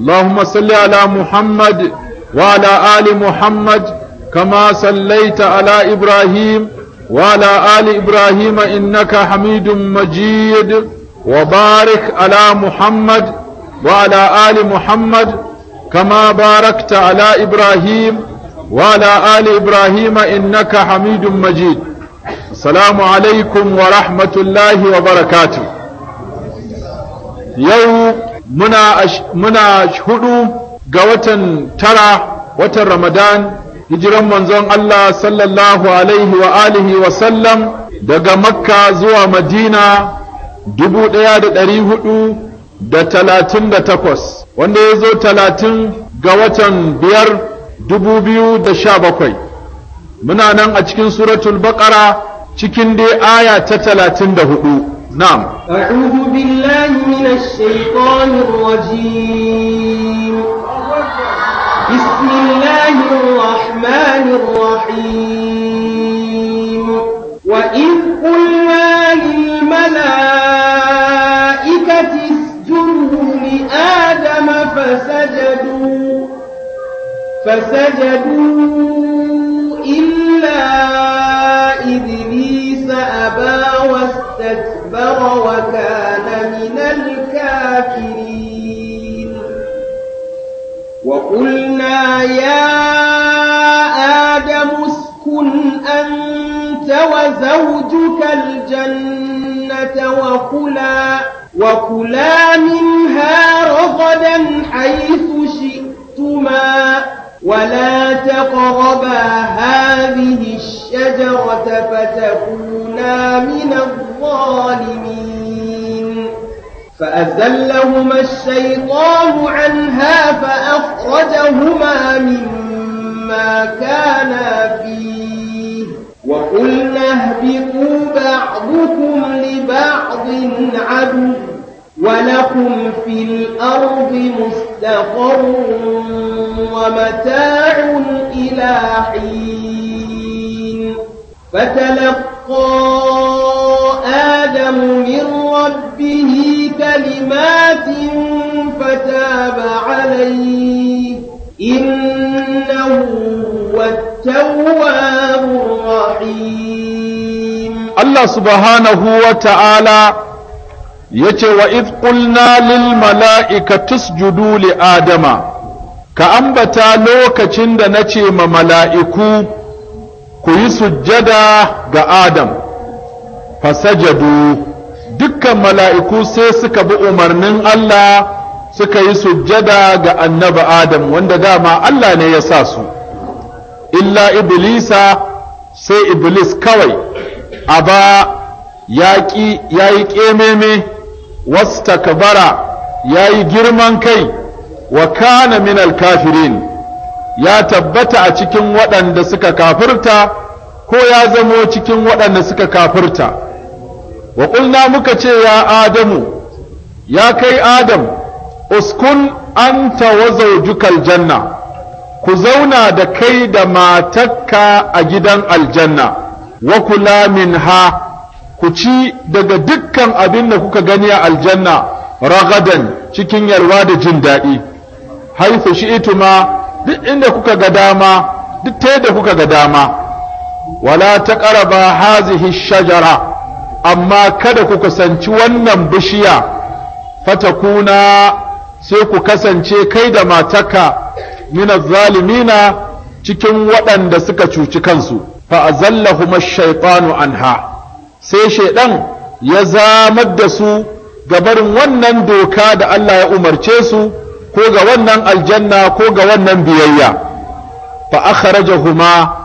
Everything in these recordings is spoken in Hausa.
اللهم صل على محمد وعلى آل محمد كما صليت على إبراهيم وعلى آل إبراهيم إنك حميد مجيد وبارك على محمد وعلى آل محمد كما باركت على إبراهيم وعلى آل إبراهيم إنك حميد مجيد السلام عليكم ورحمة الله وبركاته يوم muna muna hudu ga watan tara watan Ramadan hijiran manzon Allah sallallahu alaihi wa alihi wa sallam daga Makka zuwa Madina dubu ɗaya da ɗari hudu da talatin da takwas wanda ya zo talatin ga watan biyar dubu biyu da sha bakwai muna nan a cikin suratul bakara, cikin dai aya ta talatin da hudu نعم أعوذ بالله من الشيطان الرجيم بسم الله الرحمن الرحيم وإذ قلنا للملائكة اسجدوا لآدم فسجدوا فسجدوا إلا إبليس أبى واستكبر استكبر وكان من الكافرين وقلنا يا آدم اسكن أنت وزوجك الجنة وكلا وكلا منها رغدا حيث شئتما ولا تقربا هذه الشجرة فتكونا من الظالمين فأذلهما الشيطان عنها فأخرجهما مما كانا فيه وقلنا اهبطوا بعضكم لبعض عدو ولكم في الأرض مستقر ومتاع إلى حين فتلقى آدم من ربه كلمات فتاب عليه إنه هو التواب الرحيم الله سبحانه وتعالى yace wa id qulna lil mala'ikati li adama ka ambata lokacin da nace ma mala'iku ku yi sujjada ga adam fasajadu dukkan mala'iku sai suka bi umarnin Allah suka yi sujjada ga annabi adam wanda dama Allah ne ya sa su illa iblisa sai iblis kawai aba ya yi ƙememe wastakbara yayi girman kai wa kana min kafirin ya tabbata a cikin waɗanda suka kafirta ko ya zamo cikin waɗanda suka kafirta wa ƙulna muka ce ya adamu ya kai adam uskun anta wa zawjukal janna ku zauna da kai da matakka a gidan aljanna wa kula minha ku ci daga dukkan abin da kuka gani a aljanna ragadan cikin yarwa da jin daɗi haifu shi ituma duk inda kuka ga dama duk ta yadda kuka ga dama wala ta ƙaraba hazihi shajara amma kada ku kusanci wannan bishiya fatakuna sai ku kasance kai da mataka mina zalimina cikin waɗanda suka cuci kansu fa azallahuma shaytanu anha sai shaidan ya zamar da su ga barin wannan doka da Allah ya umarce su ko ga wannan aljanna ko ga wannan biyayya fa akhrajahuma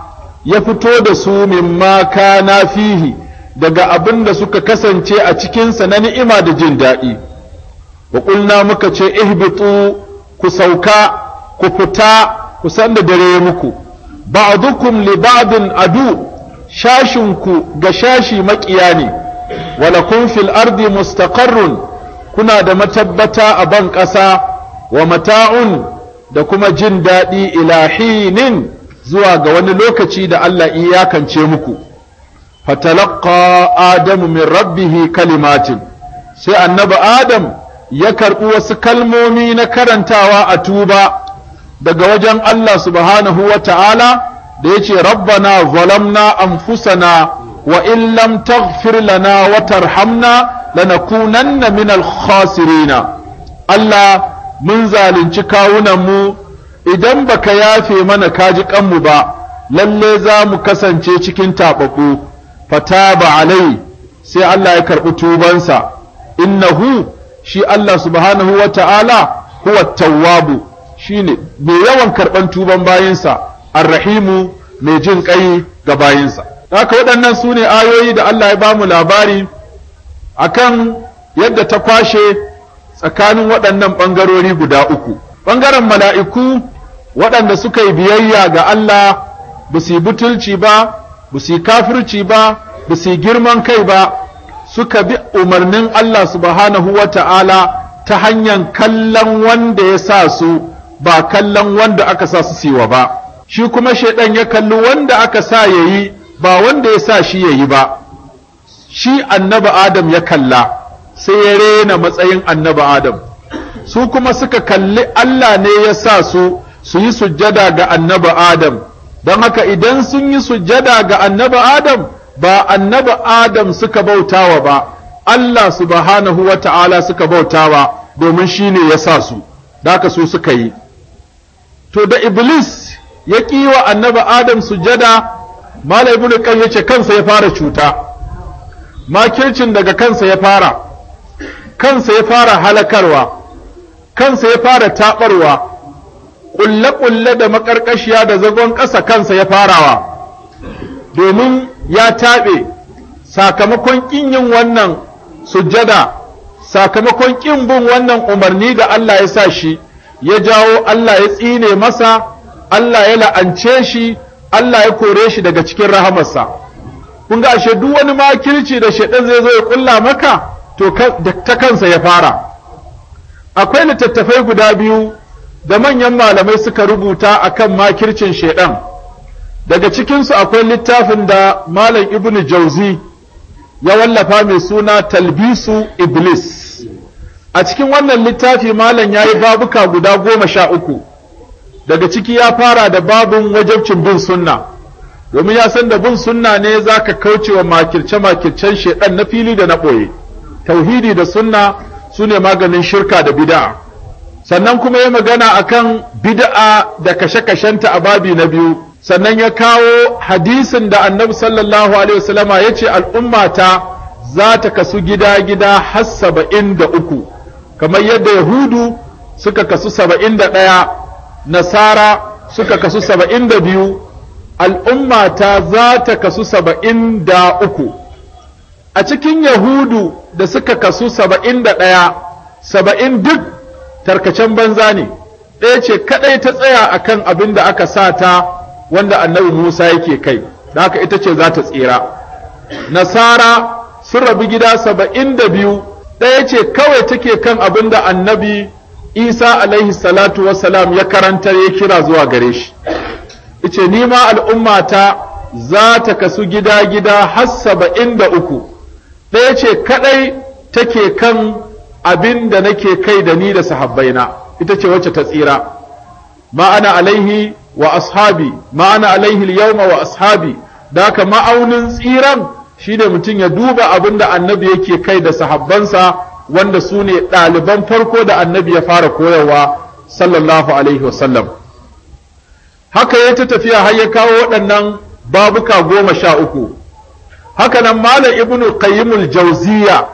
ya fito da su mimma kana fihi daga abin da suka kasance a cikinsa na ni'ima da jin daɗi wa ƙulna muka ce ihbitu ku sauka ku fita ku sanda dare muku ba'dukum li ba'din adu shashinku ga shashi maƙiya ne walakun fil ardi mustaqarrun kuna da matabbata a ban ƙasa wa mata'un da kuma jin daɗi ilahinin zuwa ga wani lokaci da Allah iyakance muku fatalaqa adamu min rabbihi kalimatin sai annabi adam ya karɓi wasu kalmomi na karantawa a tuba daga wajen Allah subhanahu wa ta'ala da yace rabbana zalamna anfusana wa in lam taghfir lana wa tarhamna lanakunanna minal khasirina Allah mun zalunci kawunan mu idan baka yafe mana kaji kanmu ba lalle za mu kasance cikin Fata fataba alai sai Allah ya karɓi tubansa innahu shi Allah subhanahu wa ta'ala huwa tawwabu shine mai yawan karɓan tuban bayansa arrahimu mai jin kai ga bayinsa haka waɗannan su ne ayoyi da Allah ya ba mu labari kan yadda ta kwashe tsakanin waɗannan ɓangarori guda uku ɓangaren mala'iku waɗanda suka yi biyayya ga Allah ba su yi butulci ba ba su yi kafirci ba ba su yi girman kai ba suka bi umarnin Allah subhanahu wa ta'ala ta hanyar kallon wanda ya sa su ba kallon wanda aka sa su siwa ba shi kuma shaidan ya kalli wanda aka sa ya yi ba wanda ya sa shi ya yi ba shi annabi adam ya kalla sai ya rena matsayin annabi adam su kuma suka kalli Allah ne ya sa su su yi sujjada ga annabi adam don haka idan sun yi sujjada ga annabi adam ba annabi adam suka bautawa ba Allah subhanahu wa ta'ala suka bautawa domin shi ne ya sa su da haka su suka yi to da iblis ya ƙi wa annabi adam sujada mala ibn kai yace kansa ya fara cuta makircin daga kansa ya fara kansa ya fara halakarwa kansa ya fara tabarwa kulle kulle da makarkashiya da zagon ƙasa kansa ya farawa domin ya taɓe sakamakon ƙin yin wannan sujada sakamakon ƙin bin wannan umarni da Allah ya sa shi ya jawo Allah ya tsine masa Allah ya la'ance shi Allah ya kore shi daga cikin rahamarsa kun ga ashe duk wani makirci da shaidan zai zo ya kulla maka to ta kansa ya fara akwai littattafai guda biyu da manyan malamai suka rubuta akan makircin shaidan daga cikinsu akwai littafin da malam ibnu jauzi ya wallafa mai suna talbisu iblis a cikin wannan littafi malam ya yi babuka guda goma sha uku daga ciki ya fara da babun wajabcin bin sunna domin ya san da bin sunna ne za ka kaucewa makirce-makircen shaidan na fili da na ɓoye tauhidi da sunna sune maganin shirka da bida'a. sannan kuma ya magana akan bid'a da kashe-kashenta a babi na biyu sannan ya kawo hadisin da annabi sallallahu alaihi wasallama ya ce al'ummata za ta kasu gida-gida har saba'in da uku kamar yadda yahudu suka kasu saba'in da ɗaya nasara suka kasu saba'in da biyu al'umma ta za ta kasu saba'in da uku a cikin yahudu da suka kasu saba'in da ɗaya saba'in duk tarkacen banza ne ɗaya ce kaɗai ta tsaya a kan abin da aka sa ta wanda annabi musa yake kai da haka ita ce za ta tsira nasara sun rabi gida saba'in da biyu ɗaya ce kawai take kan abin da annabi isa alaihi salatu wassalam ya karantar ya kira zuwa gare shi ice ni ma al'ummata za ta kasu gida-gida har saba'in da uku ɗaya ce kaɗai take kan abin da nake kai da ni da sahabbaina ita ce wacce ta tsira ma'ana alaihi wa ashabi ma'ana alaihi yauma wa ashabi da haka ma'aunin tsiran shi ne mutum ya duba abin da annabi yake kai da sahabbansa wanda su ne ɗaliban farko da annabi ya fara koyarwa sallallahu alaihi wasallam haka ya ta tafiya har ya kawo waɗannan babuka goma sha uku haka nan malam ibnu qayyimul jauziya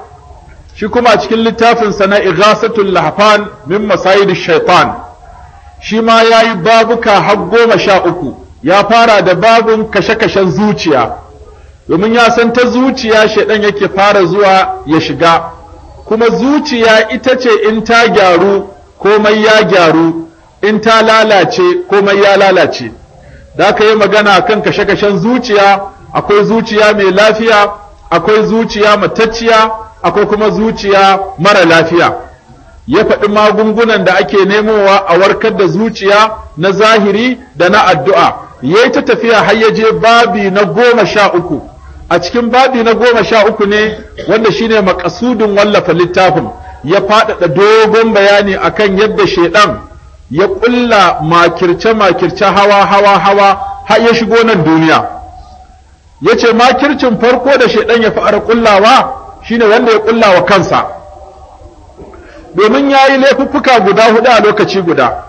shi kuma cikin sa na ighasatul lahfan min masayidish shaitan shi ma yayi babuka har goma sha uku ya fara da babun kashe-kashen zuciya domin ya san ta zuciya shaidan yake fara zuwa ya shiga kuma zuciya ita ce in ta gyaru komai ya gyaru in ta lalace komai ya lalace da aka yi magana kan kashe-kashen zuciya akwai zuciya mai lafiya akwai zuciya matacciya akwai kuma zuciya mara lafiya ya faɗi magungunan da ake nemowa a warkar da zuciya na zahiri da na addu'a ya yi ta tafiya har ya je babi na goma sha uku a cikin babi na goma sha uku ne wanda shine makasudin wallafa littafin ya faɗaɗa dogon bayani akan yadda shaiɗan ya ƙulla makirce-makirce hawa-hawa-hawa har ya shigo nan duniya ya ce makircin farko da shaiɗan ya fara ƙullawa shine wanda ya ƙullawa kansa domin ya yi laifuffuka guda hudu a lokaci guda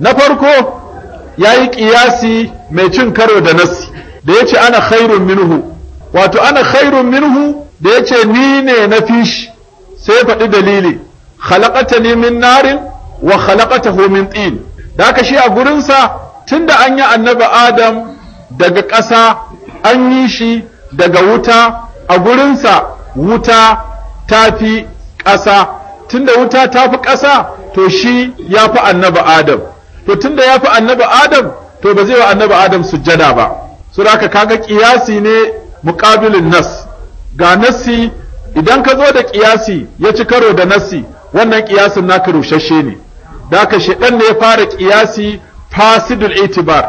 na farko ya yi ƙiyasi mai cin karo da nasi da ya ce ana khairun minhu wato ana khairun minhu da yace ni ne na fishi sai faɗi dalili ni min narin wa khalaqatahu min tin da ka shi a gurinsa tunda an yi annabi adam daga ƙasa an yi shi daga wuta a gurinsa wuta ta fi ƙasa tunda wuta ta fi ƙasa to shi ya fi annabi adam to tunda ya fi annabi adam to ba zai wa annabi adam sujjada ba su da kaga ƙiyasi ne muqabilun nas ga nassi idan ka zo da kiyasi ya ci karo da nasi, wannan kiyasin naka rushashe ne da haka shedan ne ya fara kiyasi fasidul itibar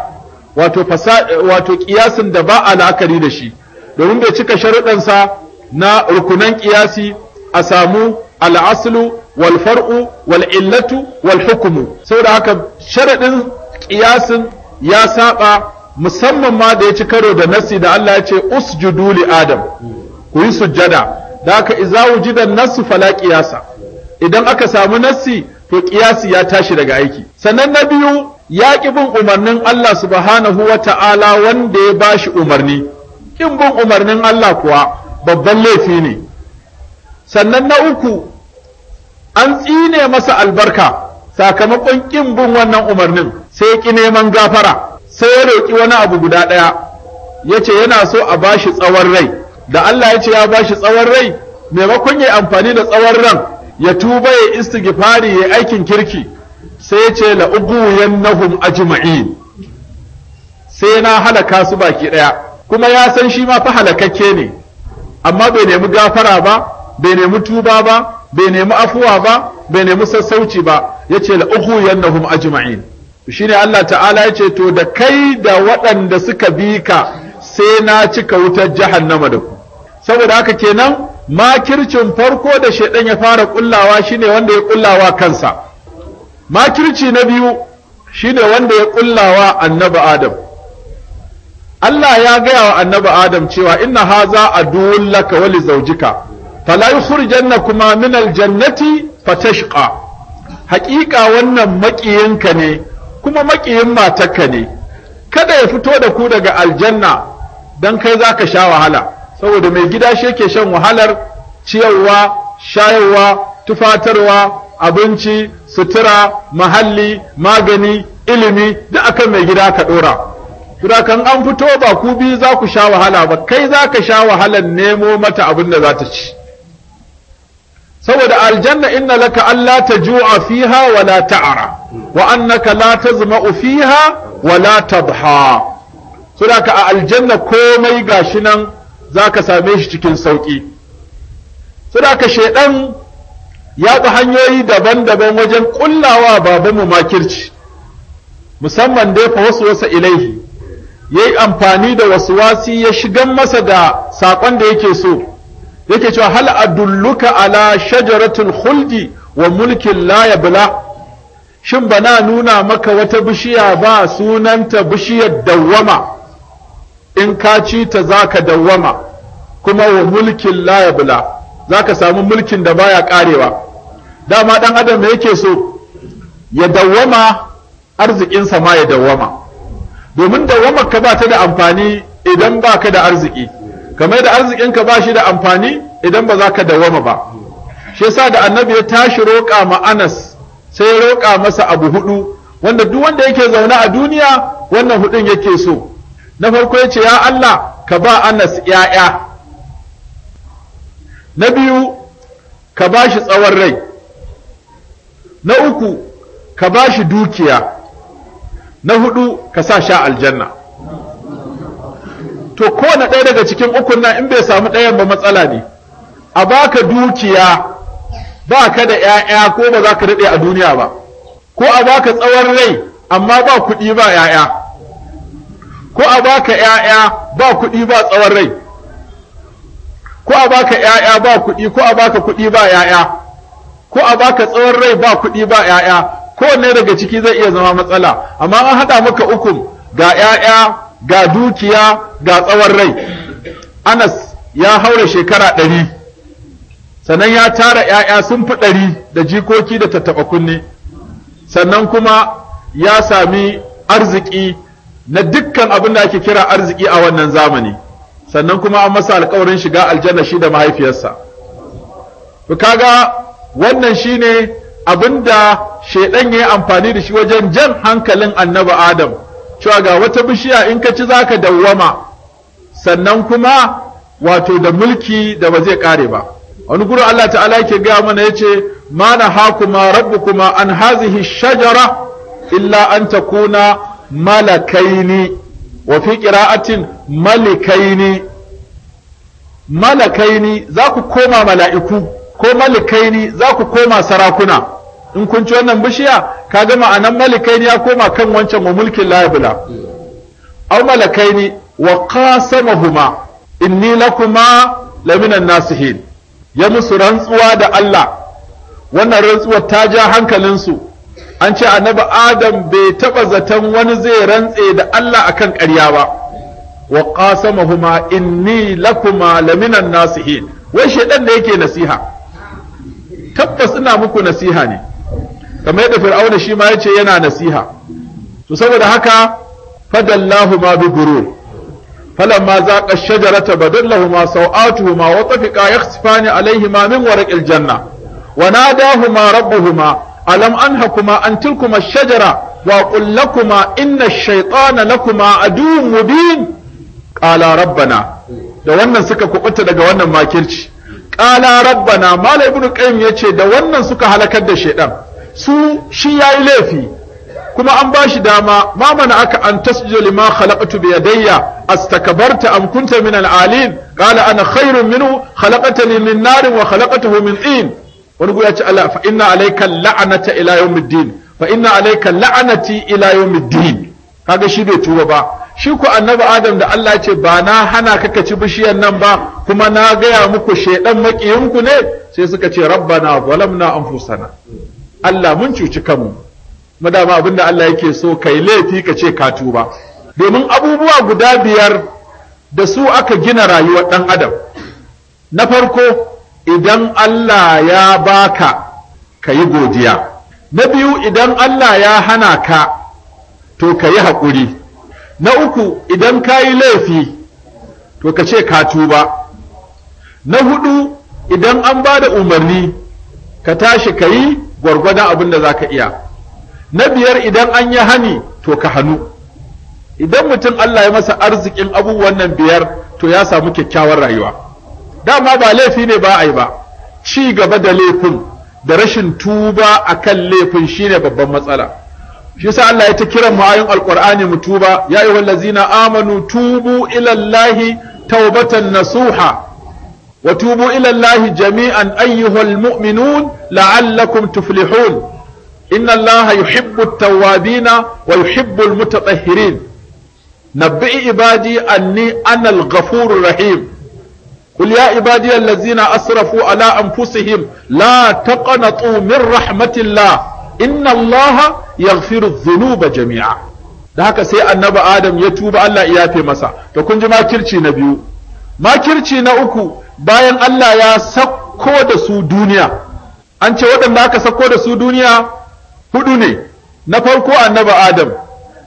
wato fasa wato kiyasin da ba alakari da shi domin bai cika sharuɗansa na rukunan kiyasi a samu al'aslu wal far'u wal illatu wal hukumu saboda haka sharaɗin kiyasin ya saba musamman ma da ya ci karo da nasi da Allah ya ce usjudu li adam ku yi sujjada da aka iza wujida nasu fala kiyasa idan aka samu nasi to kiyasi ya tashi daga aiki sannan na biyu ya ki bin umarnin Allah subhanahu wa ta'ala wanda ya ba shi umarni kin bin umarnin Allah kuwa babban laifi ne sannan na uku an tsine masa albarka sakamakon kin bin wannan umarnin sai ki neman gafara sai ya roƙi wani abu guda ɗaya ya ce yana so a bashi tsawon rai da Allah ya ce ya bashi tsawon rai maimakon ya amfani da tsawon ran ya tuba ya istighfari ya aikin kirki sai ya ce la a ajma'in sai na halaka su baki ɗaya kuma ya san shi ma fa halakakke ne amma bai nemi gafara ba bai nemi tuba ba bai nemi afuwa ba bai nemi sassauci ba yace la a ajma'in shi Allah ta'ala ya ce to da kai da waɗanda suka bi ka sai na cika wutar jahannama da ku saboda haka kenan makircin farko da shaidan ya fara kullawa shine wanda ya kullawa kansa makirci na biyu shine wanda ya kullawa annabi adam Allah ya gaya wa annabi adam cewa inna haza a laka wa lizawjika fala yukhrijannakuma min aljannati fatashqa haƙiƙa wannan maƙiyinka ne kuma maƙiyin matarka ne kada ya fito da ku daga aljanna don kai za ka sha wahala saboda mai gida shi yake shan wahalar ciyarwa shayarwa tufatarwa abinci sutura mahalli magani ilimi duk akan mai gida ka ɗora kan an fito ba ku biyu za ku sha wahala ba kai za ka sha wahalar nemo mata abin da za ta ci saboda aljanna inna laka alla taju'a fiha wa la ta'ara wa annaka la tazma'u fiha wa la tadha ka a aljanna komai gashi nan zaka same shi cikin sauki da ka shedan ya bi hanyoyi daban-daban wajen kullawa babanmu makirci musamman dai fa wasu wasa ilaihi yayi amfani da wasu wasi ya shigan masa da sakon da yake so yake cewa hal adulluka ala shajaratul khuldi wa mulkin la yabla shin bana nuna maka wata bishiya ba sunanta bishiyar dawwama in ka ci ta zaka dawwama kuma wa mulkin la yabla zaka samu mulkin da baya karewa dama dan adam me yake so ya dawwama arzikinsa ma ya dawwama domin dawwamar ka ba ta da amfani idan baka da arziki kamar da arzikinka ba shi da amfani idan ba za ka dawama ba shi yasa da annabi ya tashi roƙa ma Anas sai ya roƙa masa abu hudu wanda duk wanda yake zaune a duniya wannan hudun yake so na farko ya ce ya Allah ka ba Anas ‘ya'ya, na biyu ka ba shi tsawon rai, na uku ka ba shi dukiya, na hudu ka sa sha aljanna. to kowane ɗaya daga cikin ukun nan in bai samu ɗayan ba matsala ne a baka dukiya ba ka da ‘ya'ya ko ba za ka daɗe a duniya ba ko a baka tsawon rai amma ba kuɗi ba ‘ya'ya ko a baka ‘ya'ya ba kuɗi ba tsawon rai ko a baka ‘ya'ya ba kuɗi ko a baka kuɗi ba ‘ya'ya ko a baka tsawon rai ba kuɗi ba ‘ya'ya kowanne daga ciki zai iya zama matsala amma an haɗa maka ukun ga ‘ya'ya ga dukiya ga tsawon rai anas ya haura shekara ɗari sannan ya tara ‘ya'ya sun fi ɗari da jikoki da tattaɓa kunne sannan kuma ya sami arziki na dukkan abin da ake kira arziki a wannan zamani sannan kuma an masa alkawarin shiga aljanna shi da mahaifiyarsa kaga wannan shine abin da shaidan ya yi amfani da shi wajen jan hankalin annabi adam cewa ga wata bishiya in ka ci za ka dawwama sannan kuma wato da mulki da ba zai kare ba wani guru Allah ta'ala yake gaya mana ya ce ma na hakuma kuma an hazihi shajara illa an ta kuna malakaini wa fi kira'atin malikaini malakaini za ku koma mala'iku ko malikaini za ku koma sarakuna in kun ci wannan bishiya ka ga ma'anan malakai ya koma kan wancan wa mulkin labula. aw malakai ne wa qasamahuma inni lakuma laminan nasihin ya musu rantsuwa da Allah wannan rantsuwar ta ja hankalinsu an ce annabi adam bai taɓa zaton wani zai rantse da Allah akan ƙarya ba wa qasamahuma inni lakuma laminan nasihin wai shedan da yake nasiha tabbas ina muku nasiha ne kamar yadda fir'auna shi ma yace yana nasiha to saboda haka fadallahu ma bi gurur falamma zaqa shajarata badallahu ma sawatuhuma wa tafiqa yakhsifani ma min waraqil janna wa nadahuma rabbuhuma alam anhakuma an tilkuma shajara wa qul lakuma inna ash-shaytana lakuma aduwwun mubin qala rabbana da wannan suka kubuta daga wannan makirci qala rabbana malai ibn qayyim yace da wannan suka halakar da shaytan su shi yayi laifi kuma an bashi dama ma mana aka an tasjuda lima khalaqtu bi yadayya astakbarta am kunta min al-alin qala ana khairun minhu khalaqtani min nar wa khalaqtahu min tin wani guya ce Allah fa inna alayka la'nata ila yawmiddin fa inna alayka la'nati ila yawmiddin kaga shi bai tuba ba shi ku annabi adam da Allah ce ba na hana ka ka ci bishiyar nan ba kuma na gaya muku shedan makiyinku ne sai suka ce rabbana zalamna anfusana Allah mun cuci kanmu madama abinda Allah yake so kai laifi ka ce ka tuba domin abubuwa guda biyar da su aka gina rayuwar dan adam na farko idan Allah ya baka ka yi godiya na biyu idan Allah ya hana ka to ka yi haƙuri na uku idan ka yi laifi to ka ce ka tuba na hudu idan an ba da umarni ka tashi ka yi gwargwadon abin da za ka iya na biyar idan an yi hani to ka hannu idan mutum Allah ya masa arzikin abubuwan nan biyar to ya samu kyakkyawar rayuwa dama ba laifi ne ba a yi ba ci gaba da laifin da rashin tuba a kan laifin shine babban matsala shi yasa Allah ya ta kiran mu ayin alqur'ani mu tuba ya ayyuhallazina amanu tubu ila allahi taubatan nasuha وتوبوا إلى الله جميعا أيها المؤمنون لعلكم تفلحون إن الله يحب التوابين ويحب المتطهرين نبئ عبادي أني أنا الغفور الرحيم قل يا عبادي الذين أسرفوا على أنفسهم لا تقنطوا من رحمة الله إن الله يغفر الذنوب جميعا da haka sai annabi Adam ya tuba Allah ya yafe masa to kun ji makirci na biyu makirci na uku bayan Allah ya sakko da su duniya an ce waɗanda aka sakko da su duniya hudu ne na farko annaba adam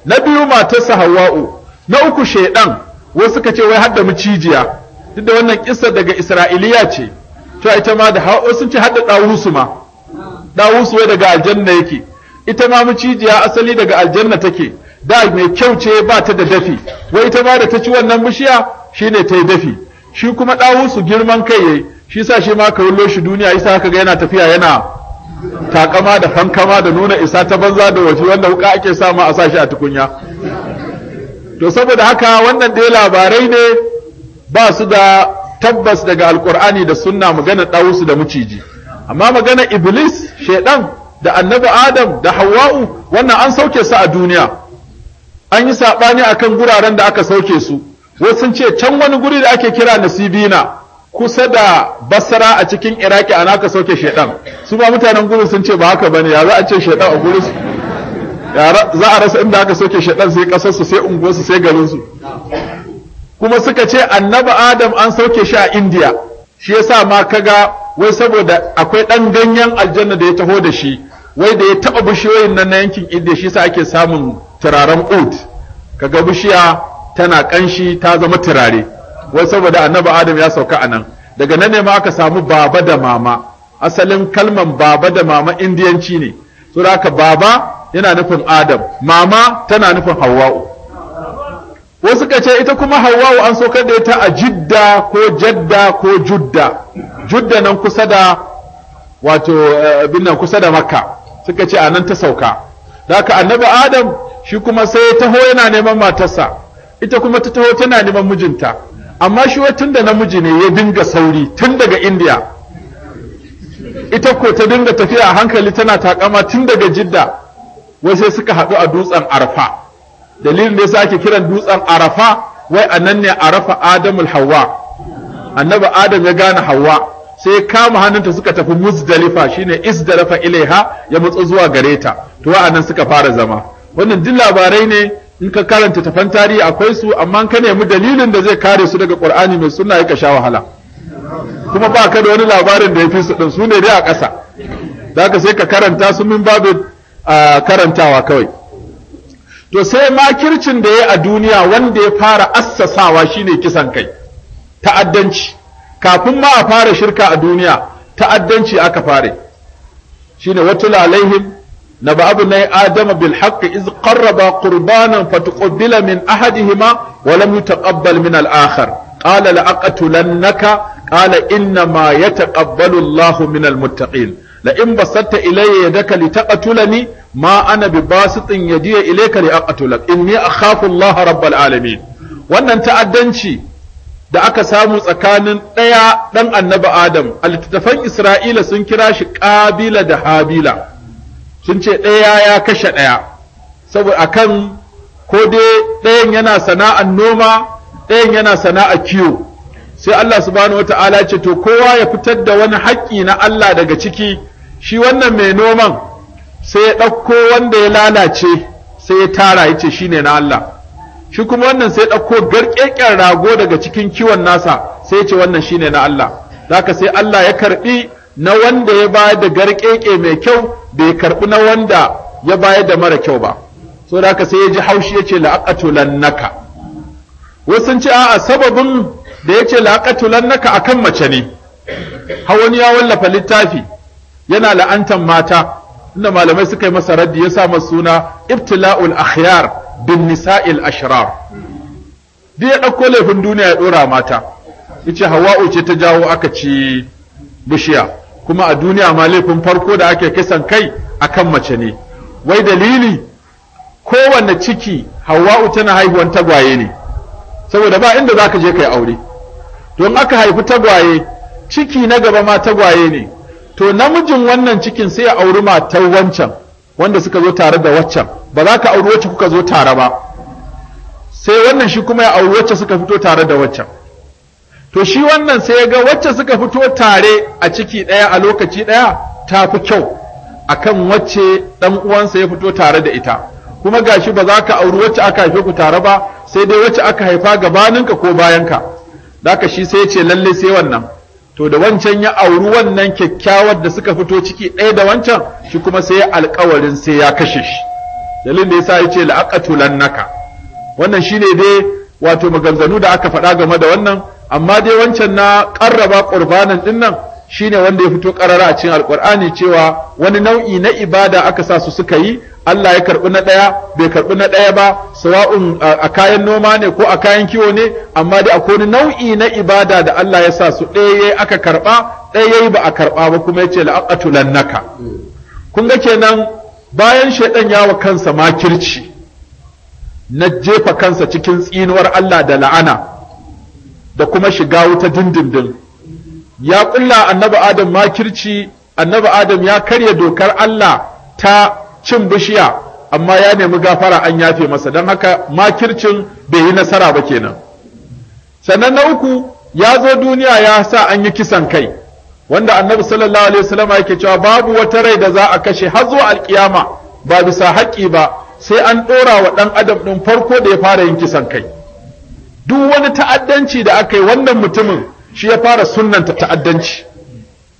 na biyu matarsa hawa'u na uku shaidan wasu suka ce wai hadda mucijiya duk da wannan kissa daga isra'iliya ce to ita ma da sun ce hadda dawusu ma dawusu wai daga aljanna yake ita ma mucijiya asali daga aljanna take da mai kyau ce ba ta da dafi wai ita ma da ta ci wannan bishiya shine ta yi dafi shi kuma ɗawusu girman kai yayi shi sa shi ma ka shi duniya yasa haka ga yana tafiya yana takama da fankama da nuna isa ta banza da waje wanda wuka ake sama a sashi a tukunya to saboda haka wannan dai labarai ne ba su da tabbas daga alkur'ani da sunna magana ɗawusu da muciji amma magana iblis shaidan da annabi adam da hawa'u wannan an sauke su a duniya an yi saɓani akan guraren da aka sauke su wasu ce can wani guri da ake kira nasibina kusa da basara a cikin iraki ana ka sauke shaidan su ba mutanen gurin sun ce ba haka ne ya za a ce shaidan a gurin su za a rasa inda aka soke shaɗan sai ƙasarsu sai unguwarsu sai garinsu kuma suka ce annabi adam an sauke shi a indiya shi yasa ma kaga wai saboda akwai ɗan ganyen aljanna da ya taho da shi wai da ya taba bishiyoyin nan na yankin indiya shi yasa ake samun turaren ka ga bishiya tana ƙanshi ta zama turare wai saboda annabi adam ya sauka a nan daga nan ne ma aka samu baba da mama asalin kalman baba da mama indiyanci ne so haka baba yana nufin adam mama tana nufin hawa'u wasu ka ce ita kuma hawa'u an saukar da ita a jidda ko jadda ko judda judda nan kusa da wato eh, abin nan kusa da makka suka ce a nan ta sauka da haka annabi adam shi kuma sai ya taho yana neman matarsa ita kuma ta taho tana neman mijinta amma shi wai tun da namiji ne ya dinga sauri tun daga India. ita ko ta dinga tafiya a hankali tana takama tun daga jidda wai sai suka haɗu a dutsen arafa. dalilin da sa ake kiran dutsen arafa wai a nan ne arafa adamul hawa annabi adam ya gane hawa sai ya kama hannunta suka tafi muzdalifa shine isdalifa ilaiha ya mutsu zuwa gare ta to wa'annan suka fara zama wannan duk labarai ne in ka karanta tafan tarihi akwai su amma ka nemi dalilin da zai kare su daga qur'ani mai sunna ya sha wahala kuma ba ka da wani labarin da ya fi su din su ne dai a ƙasa ka sai ka karanta su min babu karantawa kawai to sai makircin da ya a duniya wanda ya fara assasawa shine kisan kai ta'addanci kafin ma a fara shirka a duniya ta'addanci aka fare shine watul alaihim na ba abu na yi adama bil haƙƙi iz qarraba qurbanan fatuqabbila min ahadihima wa lam yutaqabbal min al akhar qala la aqtulannaka qala inna ma yataqabbalu Allahu min al muttaqin la in basatta ilayya yadaka litaqtulani ma ana bi basitin yadiya ilayka li aqtulak inni akhafu Allah rabbal wannan ta'addanci da aka samu tsakanin ɗaya ɗan annabi Adam alittafan Isra'ila sun kira shi Qabila da Habila sun ce ɗaya ya kashe ɗaya saboda akan ko dai ɗayan yana sana'an noma ɗayan yana sana'ar kiwo sai Allah subhanahu wata'ala ce to kowa ya fitar da wani haƙƙi na Allah daga ciki shi wannan mai noman sai ya ɗauko wanda ya lalace sai ya tara ya ce shine na Allah shi kuma wannan sai ya ɗauko garƙeƙen rago daga cikin kiwon nasa sai ya ce wannan shine na Allah zaka sai Allah ya karɓi na wanda ya ba da garƙeƙe mai kyau bai karɓi na wanda ya bayar da mara kyau ba so da sai ya ji haushi ya ce la'aqatulan naka wasu sun ce a'a sababin da ya ce la'aqatulan naka akan mace ne hawani ya wallafa littafi yana la'antan mata inda malamai suka yi masa raddi ya sa suna ibtila'ul akhyar bin nisa'il ashrar duk ya ɗauko laifin duniya ya ɗora mata yace hawa'u ce ta jawo aka ci bishiya kuma a duniya ma laifin farko da ake kisan kai a kan mace ne wai dalili kowanne ciki hawa'u tana haihuwan tagwaye ne saboda ba inda za ka je ka yi aure don aka haifi tagwaye ciki na gaba ma tagwaye ne to namijin wannan cikin sai ya auri matar wancan wanda suka zo tare da waccan ba za ka auri wacce kuka zo tare ba sai wannan shi kuma ya auri wacce suka fito tare da waccan to shi wannan sai ya ga wacce suka fito tare a ciki ɗaya a lokaci ɗaya ta fi kyau a kan wacce ɗan uwansa ya fito tare da ita kuma ga shi ba za ka auri wacce aka haife ku tare ba sai dai wacce aka haifa gabaninka ko bayanka daka shi sai ce lalle sai wannan to da wancan ya auri wannan kyakkyawar da suka fito ciki ɗaya da wancan shi kuma sai alkawarin sai ya kashe shi dalilin da yasa ya ce lannaka wannan shine dai wato maganganu da aka faɗa game da wannan amma dai wancan na karraba ƙurbanin din nan shine wanda ya fito karara a cikin alƙur'ani cewa wani nau'i na ibada aka sa su suka yi Allah ya karɓi na ɗaya bai karɓi na ɗaya ba sawa'un a kayan noma ne ko a kayan kiwo ne amma dai akwai wani nau'i na ibada da Allah ya sa su ɗaya aka karɓa ɗaya ba a karɓa ba kuma yace ce lannaka kun ga kenan bayan shaidan ya wa kansa makirci na jefa kansa cikin tsinuwar Allah da la'ana da kuma shiga wuta dindindin ya ƙulla annabi adam makirci annabi adam ya karya dokar Allah ta cin bishiya amma ya nemi gafara an yafe masa don haka makircin bai yi nasara ba kenan sannan na uku ya zo duniya ya sa an yi kisan kai wanda annabi sallallahu alaihi wasallam yake cewa babu wata rai da za a kashe har zuwa alkiyama ba bisa haƙƙi ba sai an ɗora wa ɗan adam ɗin farko da ya fara yin kisan kai duk wani ta'addanci da aka yi wannan mutumin shi ya fara sunnanta ta'addanci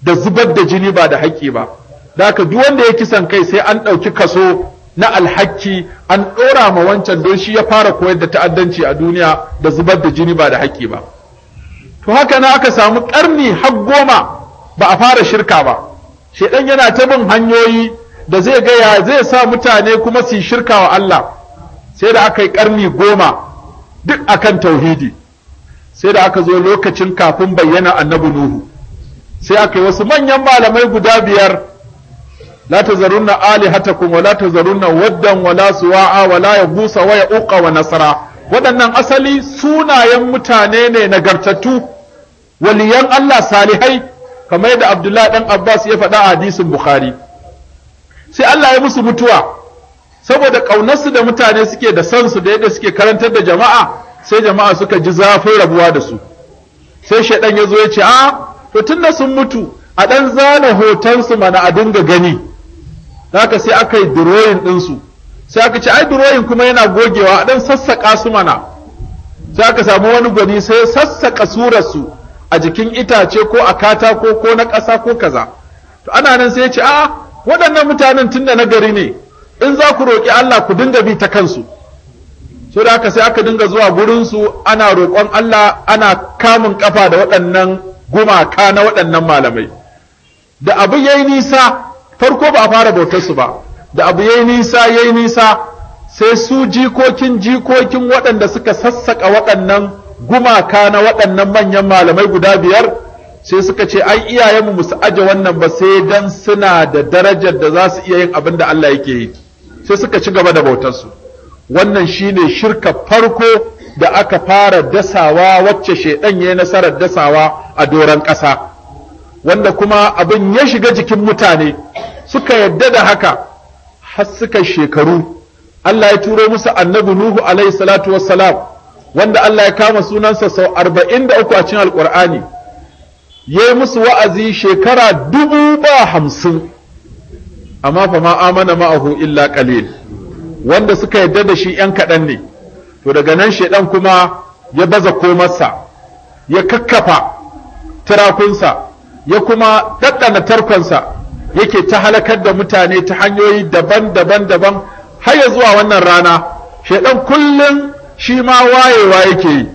da zubar da jini ba da haƙƙi ba da aka duk wanda ya kisan kai sai an ɗauki kaso na alhaki an ɗora ma wancan don shi ya fara koyar da ta'addanci a duniya da zubar da jini ba da haƙƙi ba to haka na aka samu ƙarni har goma ba a fara shirka ba shedan yana ta bin hanyoyi da zai gaya zai sa mutane kuma su shirka wa Allah sai da aka yi ƙarni goma duk akan tauhidi sai da aka zo lokacin kafin bayyana annabi nuhu sai aka yi wasu manyan malamai guda biyar la tazarunna alihatakum wa la tazarunna waddan wa la suwa'a wa la yabusa wa ya'uqa wa nasara waɗannan asali sunayen mutane ne nagartattu waliyan Allah salihai kamar da Abdullahi dan Abbas ya faɗa a hadisin Bukhari sai Allah ya musu mutuwa saboda ƙaunarsu da mutane suke da san su da yadda suke karantar da jama'a sai jama'a suka ji zafin rabuwa da su sai shaidan ya zo ya ce a to tunda sun mutu a dan zana hotonsu mana a dinga gani haka sai aka yi drawing ɗinsu sai aka ce ai drawing kuma yana gogewa a dan sassaƙa su mana sai aka samu wani gwani sai sassaƙa surarsu a jikin itace ko a katako ko na ƙasa ko kaza to ana nan sai ya ce a waɗannan mutanen tunda na gari ne in za ku roƙi Allah ku dinga bi ta kansu so da haka sai aka dinga zuwa gurinsu ana roƙon Allah ana kamun kafa da waɗannan gumaka na waɗannan malamai da abu ya yi nisa farko ba a fara bautar su ba da abu ya yi nisa ya yi nisa sai su jikokin jikokin waɗanda suka sassaƙa waɗannan gumaka na waɗannan manyan malamai guda biyar sai suka ce ai iyayenmu musu aje wannan ba sai dan suna da darajar da za su iya yin abin da Allah yake yi sai suka ci gaba da bautarsu wannan shine shirka farko da aka fara dasawa wacce shaidan ya yi nasarar dasawa a doron ƙasa wanda kuma abin ya shiga jikin mutane suka yadda da haka har suka shekaru Allah ya turo musu annabi Nuhu alaihi salatu wassalam wanda Allah ya kama sunansa sau arba'in da uku a cikin alƙur'ani yayi musu wa'azi shekara dubu ba hamsin amma fa ma amana ma'ahu illa qalil wanda suka yadda da shi yan kaɗan ne to daga nan shaidan kuma ya baza komarsa ya kakkafa turakunsa ya kuma daddana tarkonsa yake ta halakar da mutane ta hanyoyi daban-daban daban har ya zuwa wannan rana shaidan kullum shi ma wayewa yake yi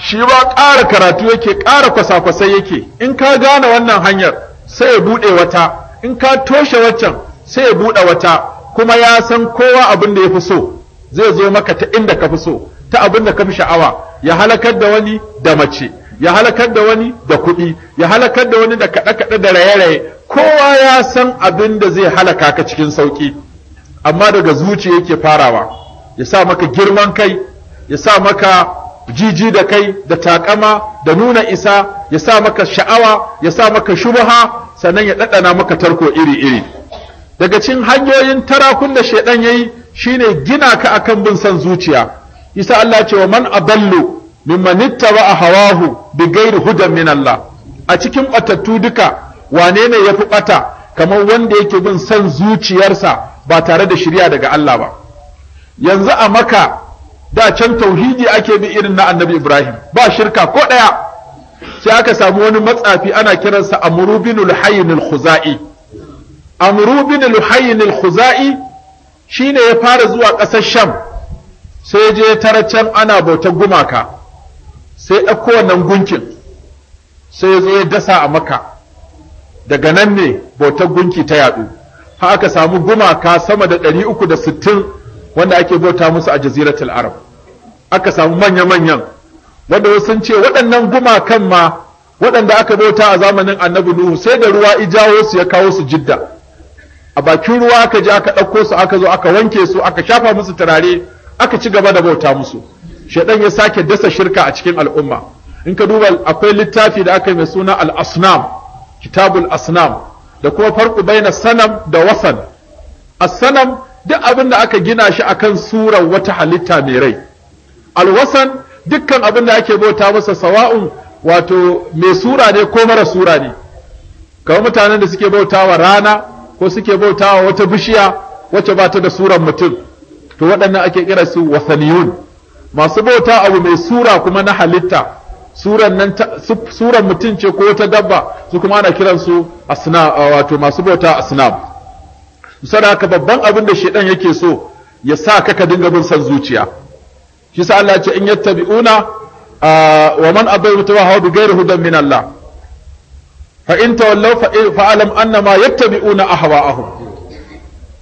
shi ma ƙara karatu yake ƙara kwasa-kwasai yake in ka gane wannan hanyar sai ya buɗe wata in ka toshe waccan sai ya buɗe wata kuma ya san kowa abin da ya fi so zai zo maka ta inda ka fi so ta abin da ka fi sha'awa ya halakar da wani da mace ya halakar da wani da kuɗi ya halakar da wani da kaɗe-kaɗe da raye-raye kowa ya san abin da zai halaka ka cikin sauƙi amma daga zuciya yake farawa ya sa maka girman kai ya sa maka jiji da kai da takama da nuna isa ya sa maka sha'awa ya sa maka shubha sannan ya ɗaɗana maka tarko iri-iri daga cin hanyoyin tarakun da shaidan yayi shine gina ka akan bin son zuciya isa Allah ce wa man manitta mimman a hawahu bi ghairi hudan min Allah a cikin ɓatattu duka wane ne fi ɓata kamar wanda yake bin son zuciyarsa ba tare da shirya daga Allah ba yanzu a maka da can tauhidi ake bi irin na annabi Ibrahim ba shirka ko ɗaya. sai aka samu wani matsafi ana kiransa amru bin al-hayyin al-khuzai amru bin al shine ya fara zuwa ƙasar sham sai je taracan ana bauta gumaka sai ɗauko wannan gunkin sai zo ya dasa a maka daga nan ne bautar gunki ta yadu? fa aka samu gumaka sama da 360 wanda ake bauta musu a jaziratul arab aka samu manya-manyan wanda sun ce waɗannan gumakan ma waɗanda aka bauta a zamanin annabi nuhu sai da ruwa ijawo su ya kawo su jidda a bakin ruwa aka je aka ɗauko su aka zo aka wanke su aka shafa musu turare aka ci gaba da bauta musu shaidan ya sake dasa shirka a cikin al'umma in ka duba akwai littafi da aka yi mai suna al-asnam kitabul asnam da kuma farko baina sanam da wasan as-sanam duk abin da aka gina shi akan surar wata halitta mai rai al-wasan dukkan abin da ake bauta masa sawa'un wato mai sura ne ko mara sura ne kamar mutanen da suke bauta wa rana ko suke bauta wa wata bishiya wacce ba ta da suran mutum to waɗannan ake kira su wasaniyun masu bauta abu mai sura kuma na halitta suran nan suran mutum ce ko wata dabba su kuma ana kiransu asna wato masu bauta asnab da haka babban abin da shedan yake so ya sa ka ka dinga bin san zuciya shi sa Allah ya ce in yattabi'una wa man adallu tawahu bi ghairi hudan min Allah fa in tawallaw fa alam anna ma yattabi'una ahwa'ahum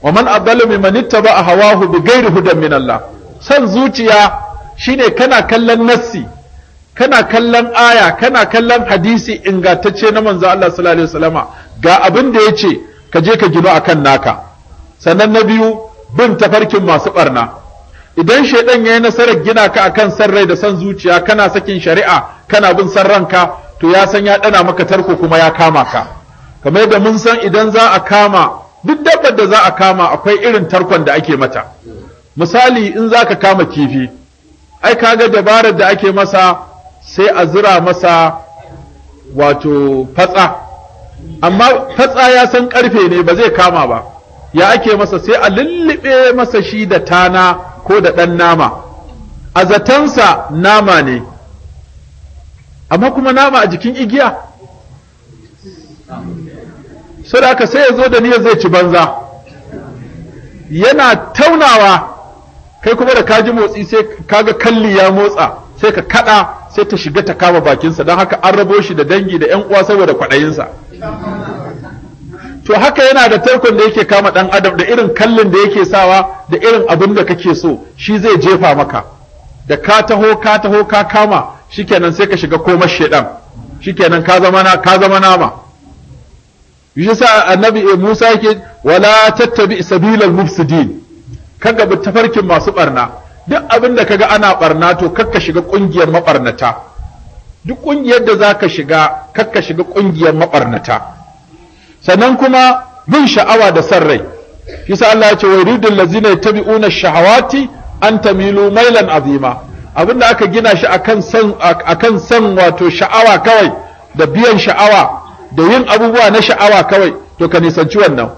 wa man adallu mimman ittaba'a hawahu bi ghairi hudan min Allah san zuciya shine kana kallon nassi kana kallon aya kana kallon hadisi ingantacce na manzo Allah sallallahu alaihi wasallama ga abin da yace ka je ka gino akan naka sannan na biyu bin tafarkin masu barna idan shaidan yi nasarar gina ka akan san rai da san zuciya kana sakin shari'a kana bin san to ya san ya dana maka tarko kuma ya kama ka kamar yadda mun san idan za a kama duk dabbar da za a kama akwai irin tarkon da ake mata misali in za ka kama kifi ai ga dabarar da ake masa sai a zira masa wato fatsa amma fatsa ya san karfe ne ba zai kama ba ya ake masa sai a lullube masa shi da tana ko da ɗan nama a zatansa nama ne amma kuma nama a jikin igiya sau da sai ya zo da niyyar zai ci banza yana taunawa kai kuma da kaji motsi sai kaga kalli ya motsa sai ka kaɗa, sai ta shiga ta kama bakinsa don haka an rabo shi da dangi da 'yan uwa saboda kwaɗayinsa to haka yana da tarkon da yake kama dan adam da irin kallin da yake sawa da irin abin da kake so shi zai jefa maka da ka taho ka taho ka kama shikenan sai ka shiga komar shedan shikenan ka zama na ka zama nama shi sa annabi Musa yake wala tattabi sabilal mufsidin kaga bi tafarkin masu barna duk abin da kaga ana barna to kakka shiga kungiyar mabarnata duk kungiyar da zaka shiga kakka shiga kungiyar mabarnata sannan kuma bin sha'awa da san rai sa Allah ya ce wai ridul ladzina yatabi'una shahawati an tamilu mailan azima abinda aka gina shi akan san akan san wato sha'awa kawai da biyan sha'awa da yin abubuwa na sha'awa kawai to ka nisanci wannan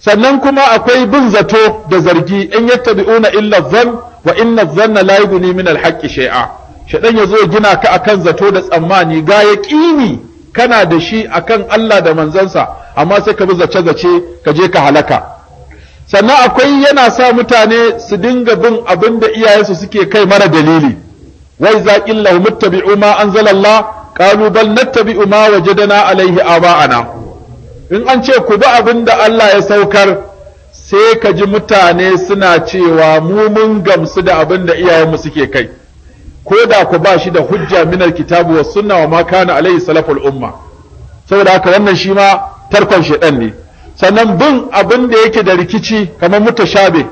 sannan kuma akwai bin zato da zargi in yattabi'una illa dhann wa inna zanna la yughni min al-haqqi shay'a shaɗan ya zo gina ka akan zato da tsammani ga yaqini kana da shi akan Allah da manzansa amma sai ka bi zace-zace ka je ka halaka sannan akwai yana sa mutane su dinga bin abin da iyayensu suke kai mara dalili wai za illa muttabi'u ma anzalallah qalu bal nattabi'u ma wajadana alaihi aba'ana in an ce ku bi abin da Allah ya saukar sai ka ji mutane suna cewa mu mun gamsu da abin da iyayenmu suke kai ko da ku ba shi da hujja minar kitabu wa sunna wa ma kana alaihi salaful umma saboda haka wannan shi ma tarkon shedan ne sannan bin abin da yake da rikici kamar mutashabi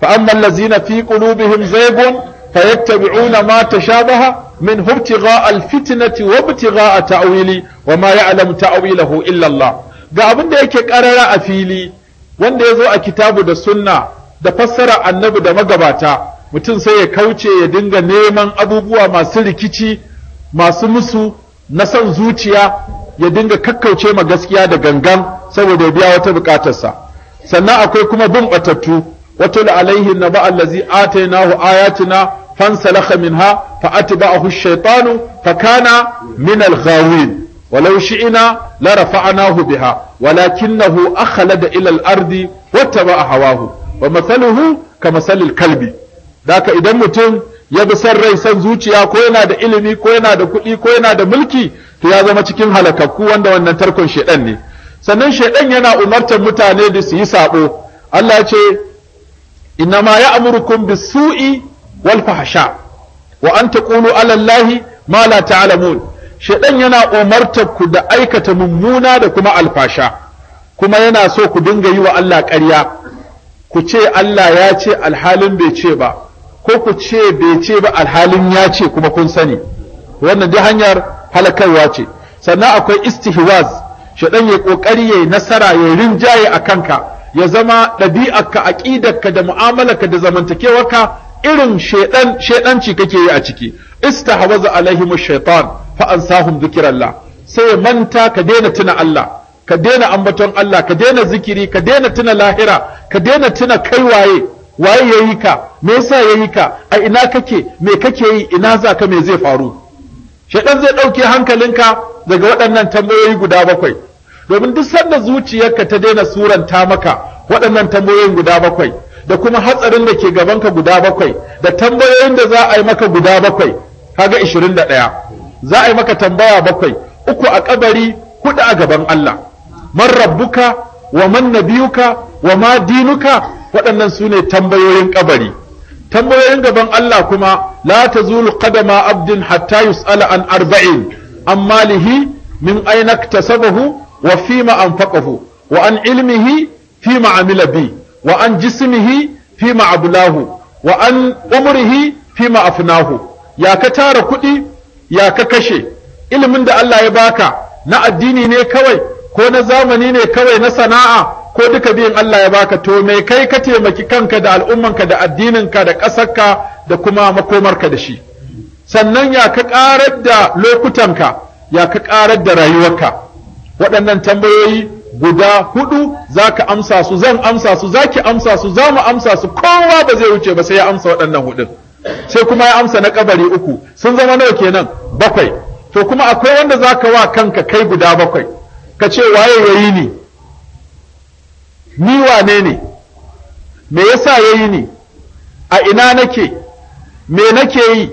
fa amma allazina fi qulubihim zaygun fayattabi'una ma tashabaha min ibtigha alfitnati wa a ta'wili wa ma ya'lamu ta'wilahu illa Allah ga abin da yake karara a fili wanda ya zo a kitabu da sunna da fassara annabi da magabata mutum sai ya kauce ya dinga neman abubuwa masu rikici masu musu na son zuciya ya dinga kakkauce ma gaskiya da gangan saboda ya biya wata bukatarsa sannan akwai kuma bin batattu na alaihi naba allazi atainahu ayatina fansalakha minha fa atba'ahu ash-shaytanu fa kana min al-ghawin ولو شئنا لرفعناه بها ولكنه أخلد إلى الأرض واتبع هواه ومثله كمثل kalbi. Daka idan mutum ya bi san rai san zuciya ko yana da ilimi ko yana da kuɗi ko yana da mulki to ya zama cikin halakakku wanda wannan tarkon shedan ne sannan shedan yana umartar mutane da su yi sabo Allah ya ce innama ya'murukum bis-su'i wal fahsha wa an taqulu 'ala Allahi ma la ta'lamun shedan yana umartar ku da aikata mummuna da kuma alfasha kuma yana so ku dinga yi wa Allah ƙarya ku ce Allah ya ce alhalin bai ce ba ko ku ce bai ce ba alhalin ya ce kuma kun sani wannan duk hanyar halakarwa ce sannan akwai istihwaz shaɗan ya ƙoƙari ya yi nasara ya rinjaye a kanka ya zama ɗabi'arka aƙidarka da mu'amalarka da zamantakewarka irin shaidan shaidanci kake yi a ciki istahwaza alaihim shaitan fa sahun dhikrallah sai manta ka daina tuna Allah ka daina ambaton Allah ka daina zikiri ka daina tuna lahira ka daina tuna kaiwaye waye yayi ka me yasa yayi ka a ina kake me kake yi ina za ka me zai faru shaɗan zai dauke hankalinka daga waɗannan tambayoyi guda bakwai domin duk sanda zuciyarka ta daina suranta maka waɗannan tambayoyin guda bakwai da kuma hatsarin da ke gabanka guda bakwai da tambayoyin da za a yi maka guda bakwai kaga 21 za a yi maka tambaya bakwai uku a kabari hudu a gaban Allah man rabbuka wa man nabiyuka wa ma dinuka waɗannan su ne tambayoyin ƙabari. tambayoyin gaban Allah kuma la tazulu qadama abdin hatta yus'ala an arba'in an malihi min aina iktasabahu wa fima anfaqahu wa an ilmihi fima amila bi wa an jismihi fima ablahu wa an umrihi fima afnahu ya ka tara kuɗi ya ka kashe ilimin da Allah ya baka na addini ne kawai ko na zamani ne kawai na sana'a ko duka biyun Allah ya baka to me kai ka taimaki kanka da al'ummanka da addininka da ƙasarka da kuma makomarka da shi sannan ya ka ƙarar da lokutanka ya ka ƙarar da rayuwarka waɗannan tambayoyi guda hudu za ka amsa su zan amsa su za ki amsa su za mu amsa su kowa ba zai wuce ba sai ya amsa waɗannan hudun sai kuma ya amsa na kabari uku sun zama nawa kenan bakwai to kuma akwai wanda za ka wa kanka kai guda bakwai ka ce waye yayi ni ni wane ne me yasa yayi ni a ina nake me nake yi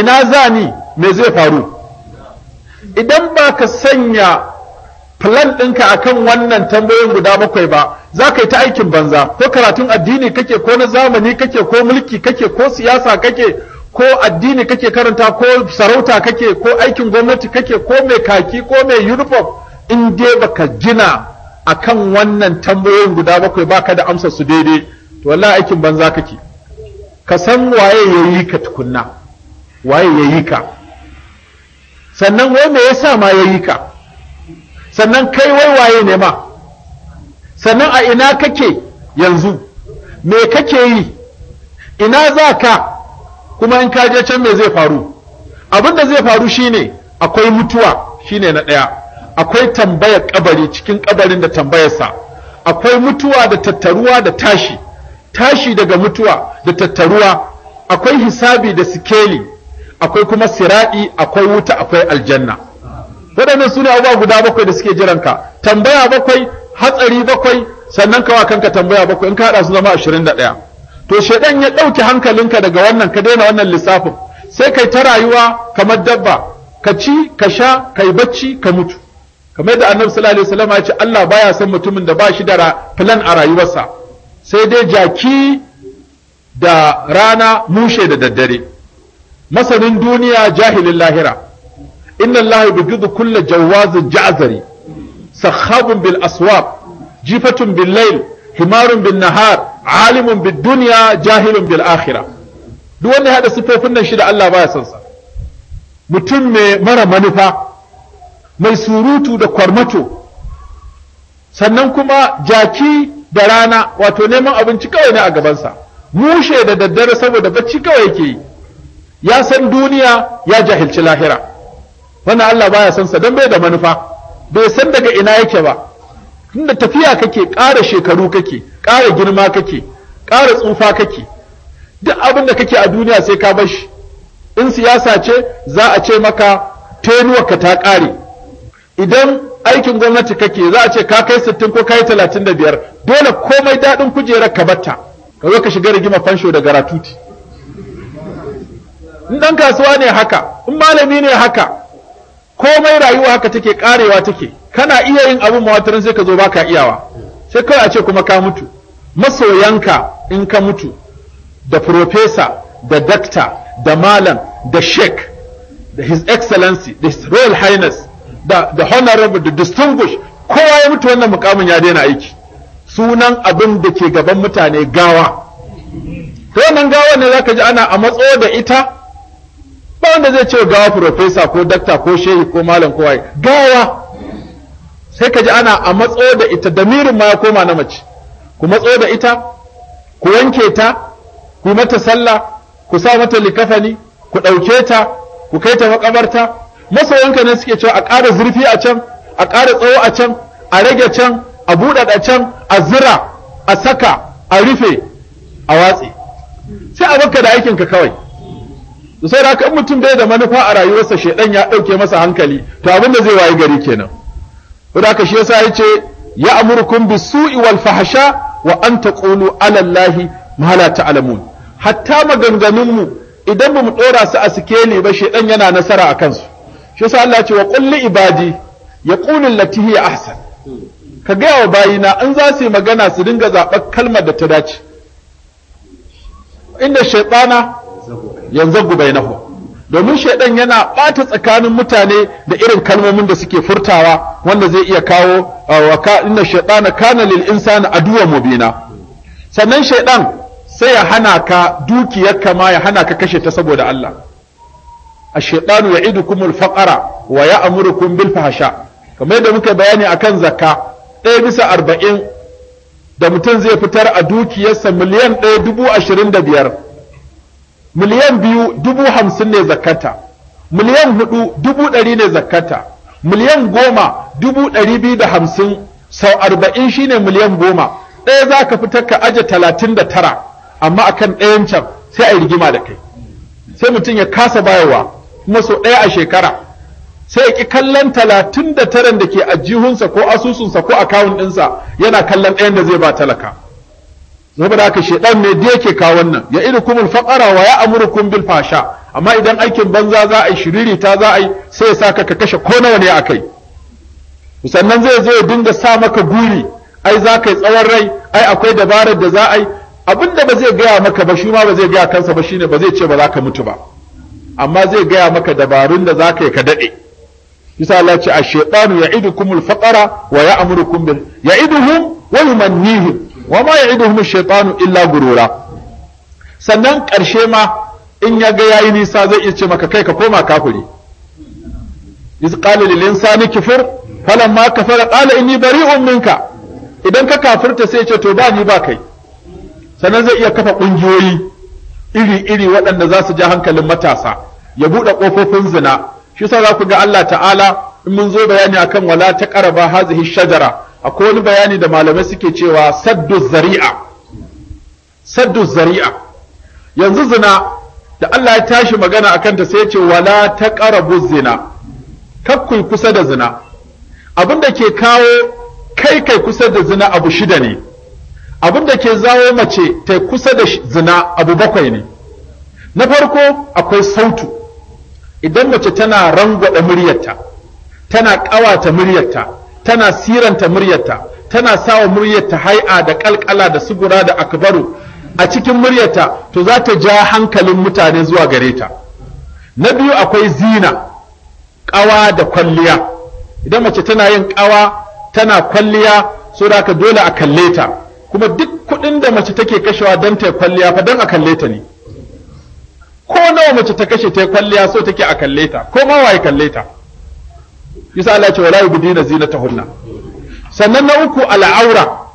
ina zani ni me zai faru idan ba ka sanya plan ɗinka akan wannan tambayoyin guda bakwai ba za ka yi ta aikin banza ko karatun addini kake ko na zamani kake ko mulki kake ko siyasa kake ko addini kake karanta ko sarauta kake ko aikin gwamnati kake ko mai kaki ko mai uniform in dai baka jina. akan wannan tambayoyin guda bakwai baka da amsar su daidai to wallahi aikin banza kake ka san waye yayi ka tukunna waye yayi ka sannan wai me yasa ma yayi ka sannan kai wai waye ne ma sannan a ina kake yanzu me kake yi ina za ka kuma in ka je can me zai faru abin da zai faru shine akwai mutuwa shine na ɗaya akwai tambayar kabari cikin kabarin da tambayarsa akwai mutuwa da tattaruwa da tashi tashi daga mutuwa da tattaruwa akwai hisabi da sikeli akwai kuma sira'i akwai wuta akwai aljanna waɗannan su ne abubuwa guda bakwai da suke jiranka tambaya bakwai hatsari bakwai sannan kawa kanka tambaya bakwai in ka haɗa su zama ashirin da ɗaya to shaidan ya ɗauke hankalinka daga wannan ka daina wannan lissafin sai kai ta rayuwa kamar dabba ka ci ka sha kai bacci ka mutu kamar da annabi sallallahu alaihi wasallam ya ce Allah baya son mutumin da ba shi da plan a rayuwarsa sai dai jaki da rana mushe da daddare masanin duniya jahilin lahira inna Allah yubghidu kulla jawazin ja'zari sakhabun bil aswab jifatun bil layl himarun bin nahar alimun bid dunya jahilun bil akhira duk wanda ya hada sifofin nan shi da Allah baya son sa mutum mai mara manufa mai surutu da kwarmato sannan kuma jaki da rana wato neman abinci kawai ne a gabansa mushe da daddare saboda bacci kawai yake yi ya san duniya ya jahilci lahira wannan Allah baya san sa don bai da manufa bai san daga ina yake ba tunda tafiya kake ƙara shekaru kake ƙara girma kake ƙara tsufa kake duk abin da kake a duniya sai ka bar shi in siyasa ce za a ce maka ka ta ƙare idan aikin gwamnati kake za a ce ka kai sittin ko kai talatin da biyar dole komai daɗin kujerar ka batta ka zo ka shiga rigima fansho da garatuti in ɗan kasuwa ne haka in malami ne haka komai rayuwa haka take karewa take kana iya yin abin mawatarin sai ka zo baka iyawa sai kawai a ce kuma ka mutu masoyanka in ka mutu da profesa da dakta da malam da sheik da his excellency da his royal highness da da honorable da distinguished kowa ya mutu wannan mukamin ya daina aiki sunan abin da ke gaban mutane gawa to wannan gawa ne zaka ji ana a matso da ita ba wanda zai ce gawa professor ko doctor ko shehi ko malam ko waye gawa sai ka ji ana a matso da ita mirin ma ya koma na mace ku matso da ita ku wanke ta ku mata sallah ku sa mata likafani ku ɗauke ta ku kai ta makabarta masoyanka ne suke cewa a ƙara zurfi a can a ƙara tsawo a can a rage can a buɗaɗa can a zira a saka a rufe a watse sai a baka da aikinka kawai da sai da mutum bai da manufa a rayuwarsa shedan ya ɗauke masa hankali to abin da zai wayi gari kenan saboda haka shi yasa yace ya amurkum bisu'i wal fahsha wa an taqulu ala allahi ma la ta'lamun hatta maganganun mu idan bamu ɗora su a sikeli ba shedan yana nasara a kansu shi sa Allah ya ce wa kulli ibadi ibadi kulli lati hiya ahsan ka ga wa bayina an za su yi magana su dinga zaɓar kalmar da ta dace inda shaytana yanzu gubainahu. domin shaidan yana ɓata tsakanin mutane da irin kalmomin da suke furtawa wanda zai iya kawo ah, wa ka inna shaytana kana lil insani aduwwan mubina sannan shaiɗan sai ya hana ka dukiyar ma ya hana ka kashe ta saboda Allah ash-shaytanu ya'idukum al-faqra wa ya'murukum bil fahsha kamar da muka bayani akan zakka ɗaya bisa arba'in da mutum zai fitar a dukiyarsa miliyan ɗaya dubu ashirin da biyar miliyan biyu dubu hamsin ne zakata miliyan hudu dubu ɗari ne zakata miliyan goma dubu ɗari biyu da hamsin sau arba'in shine miliyan goma ɗaya za ka fitar ka aje talatin da tara amma akan ɗayan can sai a rigima da kai sai mutum ya kasa bayarwa maso ɗaya a shekara sai ki kallon talatin da taran da ke ajihunsa ko asusunsa ko akawun ɗinsa yana kallon ɗayan da zai ba talaka saboda haka shedan ne da yake kawo wannan ya iri kumul faqara wa ya amurukum bil fasha amma idan aikin banza za a yi shiriri ta za a yi sai ya saka ka kashe ko nawa ne a kai. sannan zai zo ya dinga sa maka guri ai za ka yi tsawon rai ai akwai dabarar da za a yi abinda ba zai gaya maka ba shi ma ba zai gaya kansa ba shine ba zai ce ba za ka mutu ba amma zai gaya maka dabarun da za ka yi ka daɗe bisa Allah ce ya idu ya'idukumul faɗara, wa ya'murukum bil ya'iduhum wa yumannihim wa ma idu ash-shaytanu illa gurura sannan ƙarshe ma in ya ga yayi nisa zai iya ce maka kai ka koma lilin Sani kifir falan insani kufur falamma kafara qala inni bari umminka. idan ka kafirta sai ce to ba ni ba kai sannan zai iya kafa ƙungiyoyi iri-iri waɗanda za su ja hankalin matasa ya buɗe ƙofofin zina shi sa za ku ga Allah ta'ala in mun zo bayani akan wala ta ƙaraba hazihi shajara akwai wani bayani da malamai suke cewa saddu zari'a saddu zari'a yanzu zina da Allah ya tashi magana akan ta sai ya ce wala ta ƙarabu zina kakkui kusa da zina abin da ke kawo kai kai kusa da zina abu shida ne abin da ke zawo mace ta kusa da zina abu bakwai ne na farko akwai sautu idan mace tana rangwada muryarta tana ƙawata muryarta tana siranta muryarta tana sawa muryarta hai'a da kalkala da sugura da akbaru a cikin muryarta to za ta ja hankalin mutane zuwa gare ta na biyu akwai zina ƙawa da kwalliya idan mace tana yin ƙawa tana kwalliya so da dole a kalle ta kuma duk kuɗin da mace take kashewa don ta kwalliya fa don a kalle ta ne ko nawa mace ta kashe ta kwalliya so take a kalle ta ko ma waye kalle ta yasa Allah ce wala zinata hunna sannan na uku al'aura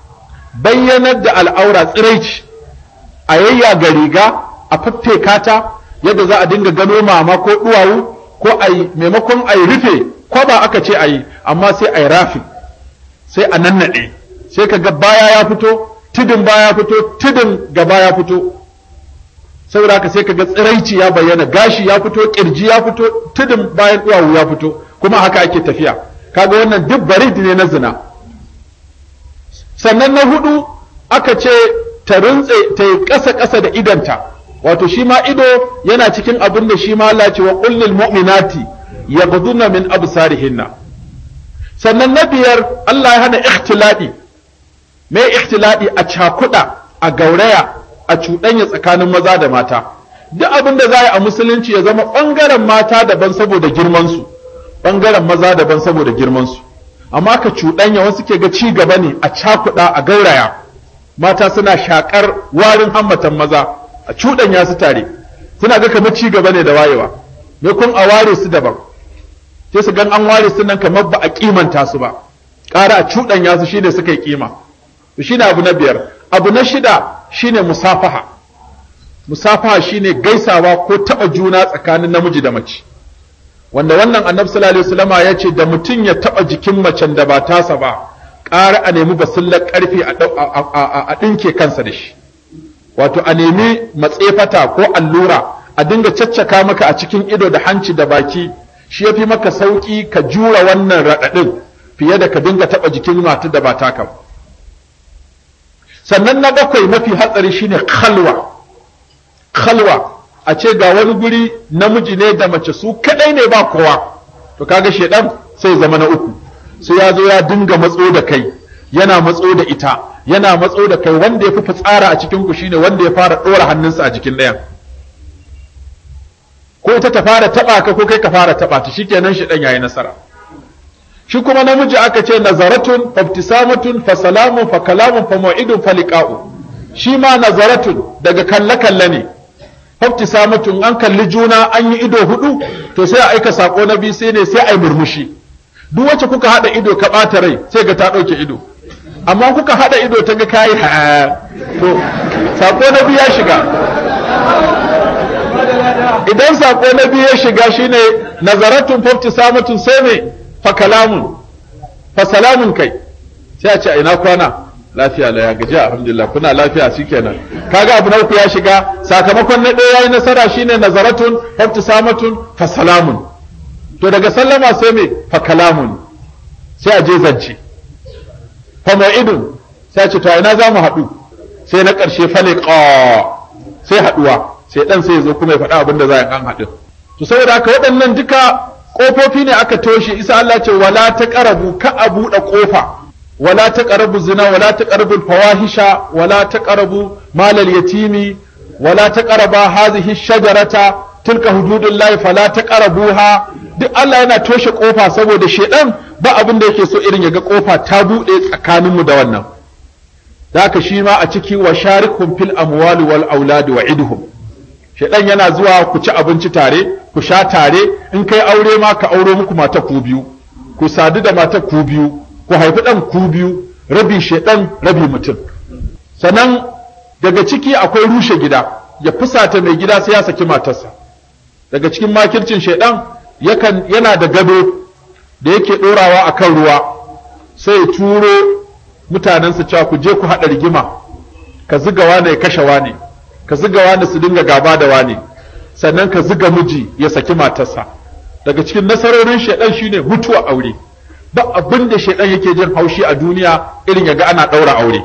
bayyanar da al'aura tsiraici a yayya ga riga a fitte kata yadda za a dinga gano mama ko duwawu ko ai maimakon ai rufe ko ba aka ce ayi amma sai a rafi sai a nannaɗe sai ka ga baya ya fito tudun baya fito tudun gaba ya fito saboda haka sai ka ga tsiraici ya bayyana gashi ya fito kirji ya fito tudun bayan duwawu ya fito kuma haka ake tafiya kaga wannan duk barid ne na zina sannan na hudu aka ce ta rintse ta yi ƙasa ƙasa da idanta wato shi ma ido yana cikin abin da shi ma lace wa kullil mu'minati yaghdhuna min absarihinna sannan na biyar Allah ya hana ikhtilati Mai Ikhtilaɗi a cakuɗa a gauraya a cuɗanya tsakanin maza da mata duk abin da za a musulunci ya zama ɓangaren mata daban saboda girmansu ɓangaren maza daban saboda girmansu amma ka cuɗanya wasu ke ga ci gaba ne a cakuɗa a gauraya mata suna shakar warin hammatan maza a cuɗanya su tare suna ga kamar ci gaba ne da wayewa me kun a ware su daban sai su gan an ware su nan kamar ba a kimanta su ba ƙara a cuɗanya su shine suka yi kima shine abu na biyar abu na shida shine musafaha musafaha shine gaisawa ko taba juna tsakanin namiji da mace wanda wannan annabi sallallahu alaihi wasallama ya ce da mutum ya taba jikin mace da ba tasa ba ƙara a nemi basillar ƙarfi a ɗinke kansa da shi wato a nemi matsefata ko allura a dinga caccaka maka a cikin ido da hanci da baki shi ya fi maka sauƙi ka jura wannan raɗaɗin fiye da ka dinga taɓa jikin mata da ba ta ba sannan na bakwai mafi hatsari shine khalwa khalwa a ce ga wani guri namiji ne da mace su kadai ne ba kowa to kaga shedan sai zama na uku sai ya zo ya dinga matso da kai yana matso da ita yana matso da kai wanda ya fi fitsara a cikin ku shine wanda ya fara dora hannunsa a jikin ɗayan ko ita ta fara taba ka ko kai ka fara taba ta shikenan shedan yayi nasara shi kuma namiji aka ce nazaratun fabtisamatun fa salamun fa kalamun fa mu'idun fa liqa'u shi ma nazaratun daga kalle kalle ne fabtisamatun an kalli juna an yi ido hudu to sai a aika sako na biyu sai ne sai ai murmushi duk wacce kuka hada ido ka bata rai sai ga ta dauke ido amma kuka hada ido ta ga kai ha to sako na biyu ya shiga idan sako na biyu ya shiga shine nazaratun fabtisamatun sai ne fa kalamun fa salamun kai sai a ce ina kwana lafiya la ya gaji alhamdulillah kuna lafiya shikenan kaga abu na uku ya shiga sakamakon na ɗaya yayi nasara shine nazaratun samatun fa salamun to daga sallama sai me fa kalamun sai a je zance fa mau'idun sai a ce to ina za mu haɗu sai na ƙarshe faliqa sai haɗuwa sai dan sai ya zo kuma ya faɗa abin da za a an haɗu to saboda haka waɗannan duka ƙofofi ne aka toshe isa Allah ce wala ta ƙarabu ka a buɗe ƙofa wala ta ƙarabu zina wala ta karabu fawahisha wala ta ƙarabu malal yatimi wala ta ƙaraba hazihi shajarata tilka hududullahi fala ta karabuha duk Allah yana toshe kofa saboda shedan ba abin da yake so irin ya ga ƙofa ta buɗe tsakaninmu da wannan da haka shi ma a ciki wa sharikum fil amwali wal auladi wa iduhu. shaiɗan yana zuwa ku ci abinci tare ku sha tare in kai aure ma ka auro muku mata ku biyu ku sadu da mata ku biyu ku haifi ɗan ku biyu rabi shaiɗan rabi mutum sannan daga ciki akwai rushe gida ya fusata mai gida sai ya saki matarsa daga cikin makircin shaiɗan yana da gado da yake ɗorawa a kan ruwa sai turo mutanensa cewa ku je ku haɗa rigima ka zuga wane ya kashe wane ka ziga wani su dinga gaba da wani sannan ka ziga miji ya saki matarsa daga cikin nasarorin shaidan shine mutuwa aure ba abin da shaidan yake jin haushi a duniya irin ya ga ana daura aure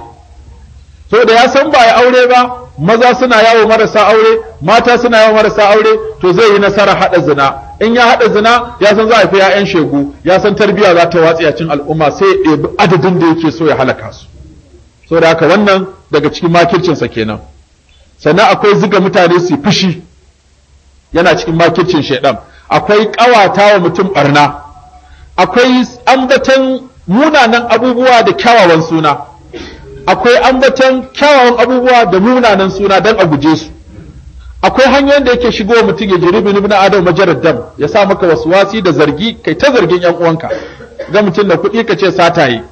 so da ya san ba ya aure ba maza suna yawo marasa aure mata suna yawo marasa aure to zai yi nasara hada zina in ya hada zina ya san za a fi ya'yan shegu ya san tarbiyya za ta watsi a cikin al'umma sai ya adadin da yake so ya halaka su so da haka wannan daga cikin makircinsa kenan sannan akwai ziga mutane su fushi yana cikin makircin shaidan akwai ƙawata wa mutum barna akwai ambatan munanan abubuwa da kyawawan suna akwai ambatan kyawawan abubuwa da munanan suna don a guje su akwai hanyoyin da yake shigo mutum ya jiri bin ibn adam majarar dam ya sa maka wasi da zargi kai ta zargin yan uwanka ga mutum da kuɗi ka ce sataye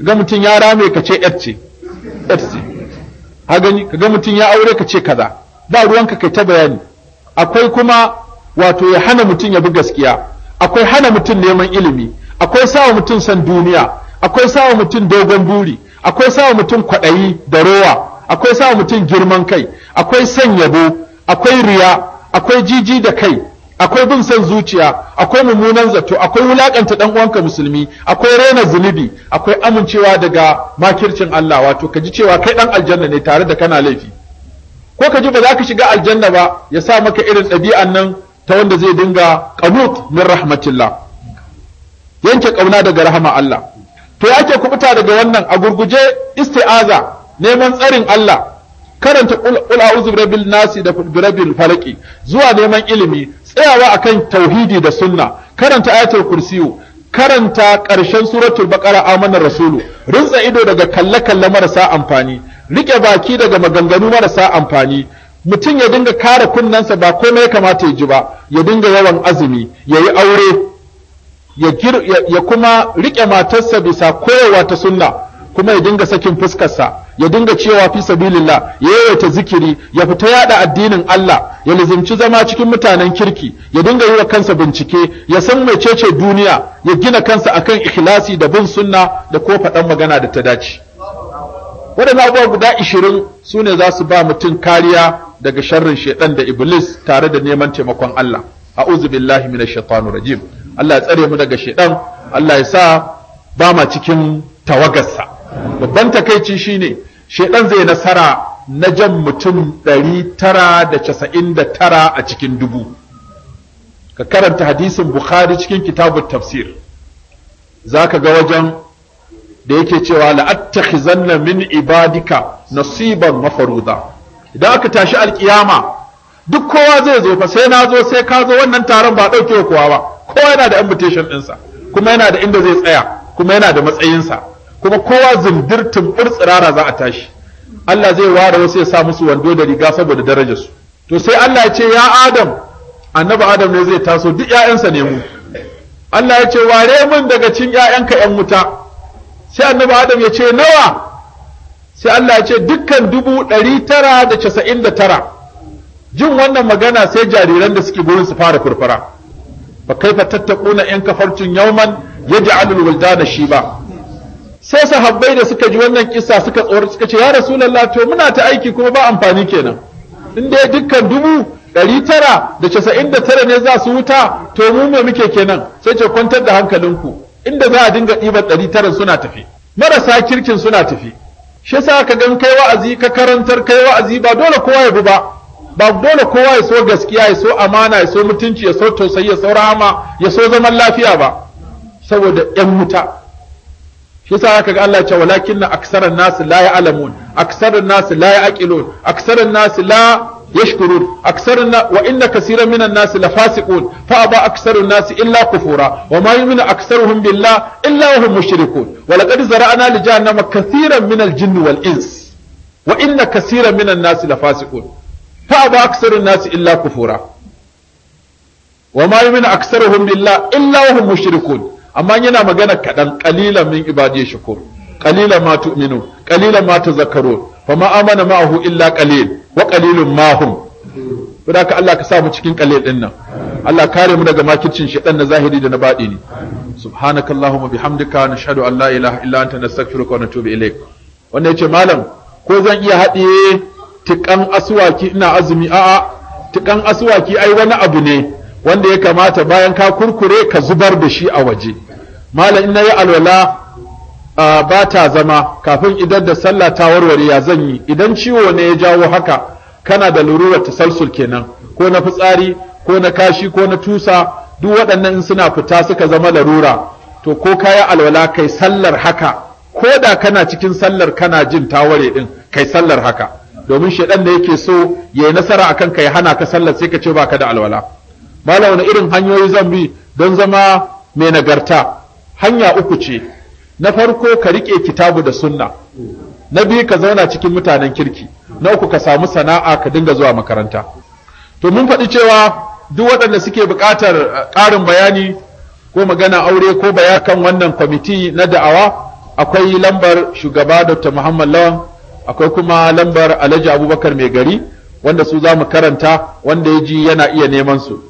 ga mutum ya rame ka ce ce Hagani, kaga mutum ya aure ka ce kaza ba ruwanka kai ta bayani akwai kuma wato ya hana mutum ya bi gaskiya akwai hana mutum neman ilimi akwai sawa mutum san duniya akwai sawa mutum dogon buri akwai sawa mutum kwaɗayi da rowa akwai sawa mutum girman kai akwai san yabo akwai riya akwai jiji da kai akwai bin son zuciya akwai mummunan zato akwai wulakanta dan uwanka musulmi akwai rena zunubi akwai amincewa daga makircin Allah wato ka ji cewa kai dan aljanna ne tare da kana laifi ko ka ji ba za ka shiga aljanna ba ya sa maka irin ɗabi'an nan ta wanda zai dinga qanut min rahmatillah yanke kauna daga rahama Allah to yake kubuta daga wannan a gurguje isti'aza neman tsarin Allah karanta qul a'udhu birabbin nasi da birabbil falaki zuwa neman ilimi tsayawa akan tauhidi da sunna karanta ayatul kursiyu karanta ƙarshen suratul baƙara, amana rasulu rinsa ido daga kalle-kalle marasa amfani riƙe baki daga maganganu marasa amfani mutum ya dinga kare kunnensa ba komai ya kamata ya ji ba ya dinga yawan azumi ya yi aure ya, kuma riƙe matarsa bisa koyarwa ta sunna kuma ya dinga sakin fuskarsa ya dinga cewa fi sabilillah ya yawaita zikiri ya fita yada addinin Allah ya lizimci zama cikin mutanen kirki ya dinga yi wa kansa bincike ya san mecece duniya ya gina kansa akan ikhlasi da bin sunna da ko faɗan magana da ta dace waɗannan abubuwa guda ishirin su ne za su ba mutum kariya daga sharrin shaiɗan da iblis tare da neman taimakon Allah a'udhu billahi minash shaitanir rajim Allah ya tsare mu daga shaiɗan Allah ya sa ba ma cikin tawagarsa babban takaici shine shedan zai nasara na jan mutum 999 a cikin dubu ka karanta hadisin bukhari cikin kitabun tafsir za ka ga wajen da yake cewa la'attakhizanna min ibadika nasiban mafaruda idan aka tashi alkiyama duk kowa zai zo fa sai na zo sai ka zo wannan taron ba ɗauke kowa ba kowa yana da invitation ɗinsa kuma yana da inda zai tsaya kuma yana da matsayinsa kuma kowa zindirtin tsirara za a tashi Allah zai ware wasu ya sa musu wando da riga saboda darajarsu to sai Allah ya ce ya Adam annabi Adam ne zai taso duk ƴaƴansa ne mu Allah ya ce ware mun daga cin ƴaƴanka ƴan wuta sai annabi Adam ya ce nawa sai Allah ya ce dukkan dubu ɗari tara da casa'in da tara jin wannan magana sai jariran da suke gurin su fara furfura fa kaifa tattaquna in kafartum yawman yaj'alul shi ba. sai sahabbai da suka ji wannan kisa suka tsoro suka ce ya rasulullah to muna ta aiki kuma ba amfani kenan in dai dukkan dubu ɗari tara da casa'in da tara ne za su wuta to mu me muke kenan sai ce kwantar da hankalinku inda za a dinga ɗibar ɗari tara suna tafi marasa kirkin suna tafi shi yasa ka gan kai wa'azi ka karantar kai wa'azi ba dole kowa ya bi ba ba dole kowa ya so gaskiya ya so amana ya so mutunci ya so tausayi ya so rahama ya so zaman lafiya ba saboda 'yan wuta kisa haka ga Allah ya ce walakin na aksarar nasu la ya alamun aksarar nasu la ya aƙilun aksarar nasu la ya shkurun na wa inna kasiran minan nasu la fasiqun fa aba aksarar nasu illa kufura wa ma yumina aksaruhum billah illa wa hum mushrikun wa laqad zara'na li jahannama kathiran minal jinn wal ins wa inna kasiran minan nasu la fasiqun fa aba aksarar nasu illa kufura wa ma yumina aksaruhum billah illa wa mushrikun amma yana magana kaɗan ƙalilan min ibadi shukur ƙalilan ma tu'minu ƙalilan ma zakaro fa ma amana ma'ahu illa ƙalil wa ƙalilun ma hum saboda ka Allah ka sa mu cikin ƙalil ɗin nan Allah kare mu daga makircin shaɗan na zahiri da na baɗi ne subhanakallahumma bihamdika nashhadu an la ilaha illa anta nastaghfiruka wa natubu ilaik wannan yace malam ko zan iya haɗiye tikan aswaki ina azumi a'a tikan aswaki ai wani abu ne wanda ya kamata bayan ka kurkure ka zubar da shi a waje malam in nayi alwala ba ta zama kafin idan da sallah ta warware ya zan yi idan ciwo ne ya jawo haka kana da ta tasalsul kenan ko na fitsari ko na kashi ko na tusa duk waɗannan in suna fita suka zama larura to ko kaya alwala kai sallar haka ko da kana cikin sallar kana jin taware din kai sallar haka domin shedan da yake so yayi nasara akan kai hana ka sallar sai ka ce baka da alwala malam wani irin hanyoyi zan bi don zama mai nagarta hanya uku ce na farko ka rike kitabu da sunna na biyu ka zauna cikin mutanen kirki na uku ka samu sana'a ka dinga zuwa makaranta to mun faɗi cewa duk waɗanda suke buƙatar eh, ƙarin bayani ko magana aure ko baya kan wannan kwamiti na da'awa akwai lambar shugaba dr muhammad lawan akwai kuma lambar alhaji abubakar mai gari wanda su za mu karanta wanda ya ji yana iya neman su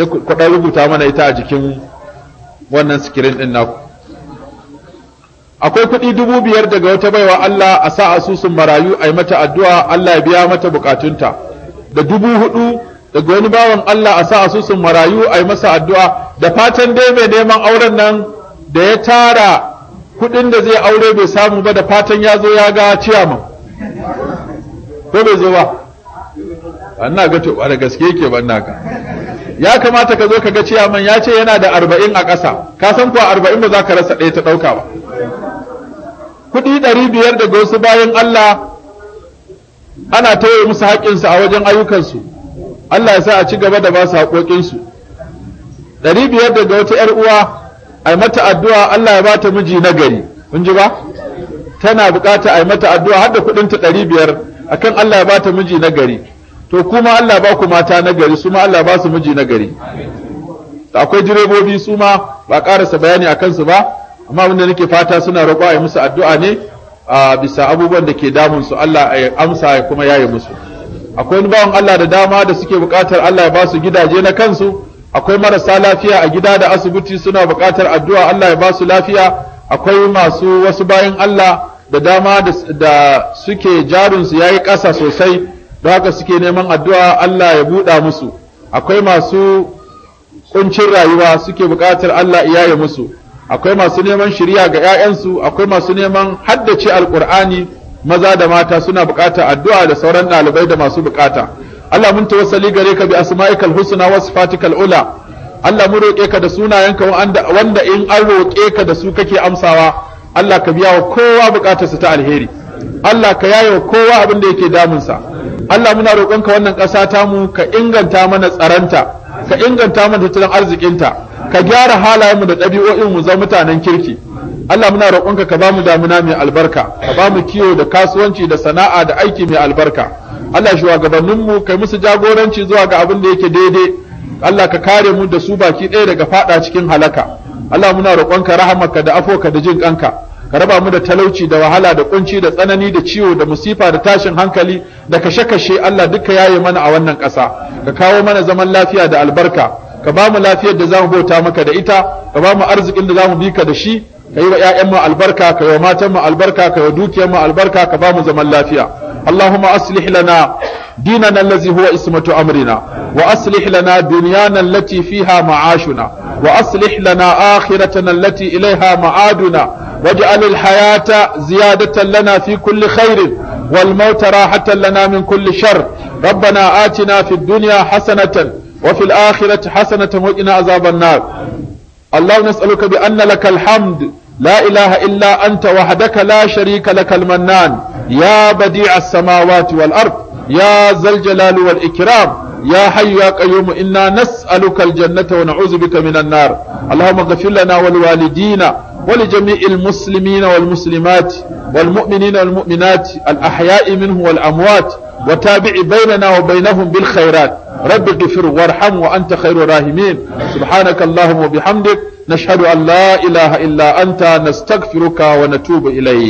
sai ku ɗan rubuta mana ita a jikin wannan sikirin ɗin naku akwai kuɗi dubu biyar daga wata baiwa Allah a sa asusun marayu a yi mata addu'a Allah ya biya mata bukatunta da dubu hudu daga wani bawan Allah a sa asusun marayu a yi masa addu'a da fatan dai mai neman auren nan da ya tara kuɗin da zai aure bai samu ba da fatan ya zo ya ga ciyaman ko bai zo ba ina ga to da gaske yake ban ga ya kamata ka zo ka ga ciyaman ya ce yana da arba'in a ƙasa ka san kuwa arba'in ba za ka rasa ɗaya ta ɗauka ba kuɗi ɗari biyar daga wasu bayan Allah ana tawaye musu haƙƙinsu a wajen ayyukansu Allah ya sa a ci gaba da ba su haƙoƙinsu ɗari biyar daga wata ‘yar uwa a mata addu'a Allah ya bata miji na gari kun ji ba tana buƙata a mata addu'a har da kuɗinta ɗari biyar akan Allah ya bata miji na gari to kuma Allah ba ku mata na gari su ma Allah ba su miji na gari akwai direbobi su ma ba karasa bayani a kansu ba amma wanda nake fata suna roƙo a yi musu addu'a ne a bisa abubuwan da ke damun su Allah ya amsa ya kuma yaye musu akwai wani bawan Allah da dama da suke buƙatar Allah ya ba su gidaje na kansu akwai marasa lafiya a gida da asibiti suna buƙatar addu'a Allah ya ba su lafiya akwai masu wasu bayan Allah da dama da suke jarinsu ya yi ƙasa sosai don haka suke neman addu'a Allah ya buɗa musu akwai masu ƙuncin rayuwa suke buƙatar Allah iyaye musu akwai masu neman shirya ga 'ya'yansu akwai masu neman haddace alƙur'ani maza da mata suna buƙatar addu'a da sauran ɗalibai da masu buƙata Allah mun tawassali gare ka bi asma'ikal husna wasu Fatikal ula Allah mun roƙe ka da sunayenka wanda in an roƙe ka da su kake amsawa Allah ka biya wa kowa buƙatarsa ta alheri Allah ka wa kowa abin da yake damunsa Allah muna roƙonka wannan ƙasa ta mu ka inganta mana tsaranta ka inganta mana tattalin arzikinta ka gyara halayenmu da ɗabi'o'in mu zama mutanen kirki Allah muna roƙonka ka bamu damuna mai albarka ka bamu kiwo da kasuwanci da sana'a da aiki mai albarka Allah shugabanninmu kai musu jagoranci zuwa ga abin da yake daidai Allah ka kare mu da su baki ɗaya daga faɗa cikin halaka Allah muna roƙonka ka da afoka da jin ƙanka ka raba mu da talauci da wahala da kunci da tsanani da ciwo da musifa da tashin hankali da kashe-kashe Allah duka yaye mana a wannan ƙasa ka kawo mana zaman lafiya da albarka ka ba mu lafiyar da zamu bauta maka da ita ka ba mu arzikin da zamu bi ka da shi ka yi wa 'ya'yanmu albarka ka yi wa matanmu albarka ka yi wa dukiyarmu albarka ka ba mu zaman lafiya اللهم أصلح لنا ديننا الذي هو اسمة أمرنا وأصلح لنا دنيانا التي فيها معاشنا وأصلح لنا آخرتنا التي إليها معادنا واجعل الحياة زيادة لنا في كل خير والموت راحة لنا من كل شر ربنا آتنا في الدنيا حسنة وفي الآخرة حسنة وقنا عذاب النار اللهم نسألك بأن لك الحمد لا إله إلا أنت وحدك لا شريك لك المنان يا بديع السماوات والأرض يا ذا الجلال والإكرام يا حي يا قيوم إنا نسألك الجنة ونعوذ بك من النار اللهم اغفر لنا ولوالدينا ولجميع المسلمين والمسلمات والمؤمنين والمؤمنات الأحياء منه والأموات وتابع بيننا وبينهم بالخيرات رب اغفر وارحم وأنت خير الراحمين سبحانك اللهم وبحمدك نشهد أن لا إله إلا أنت نستغفرك ونتوب إليك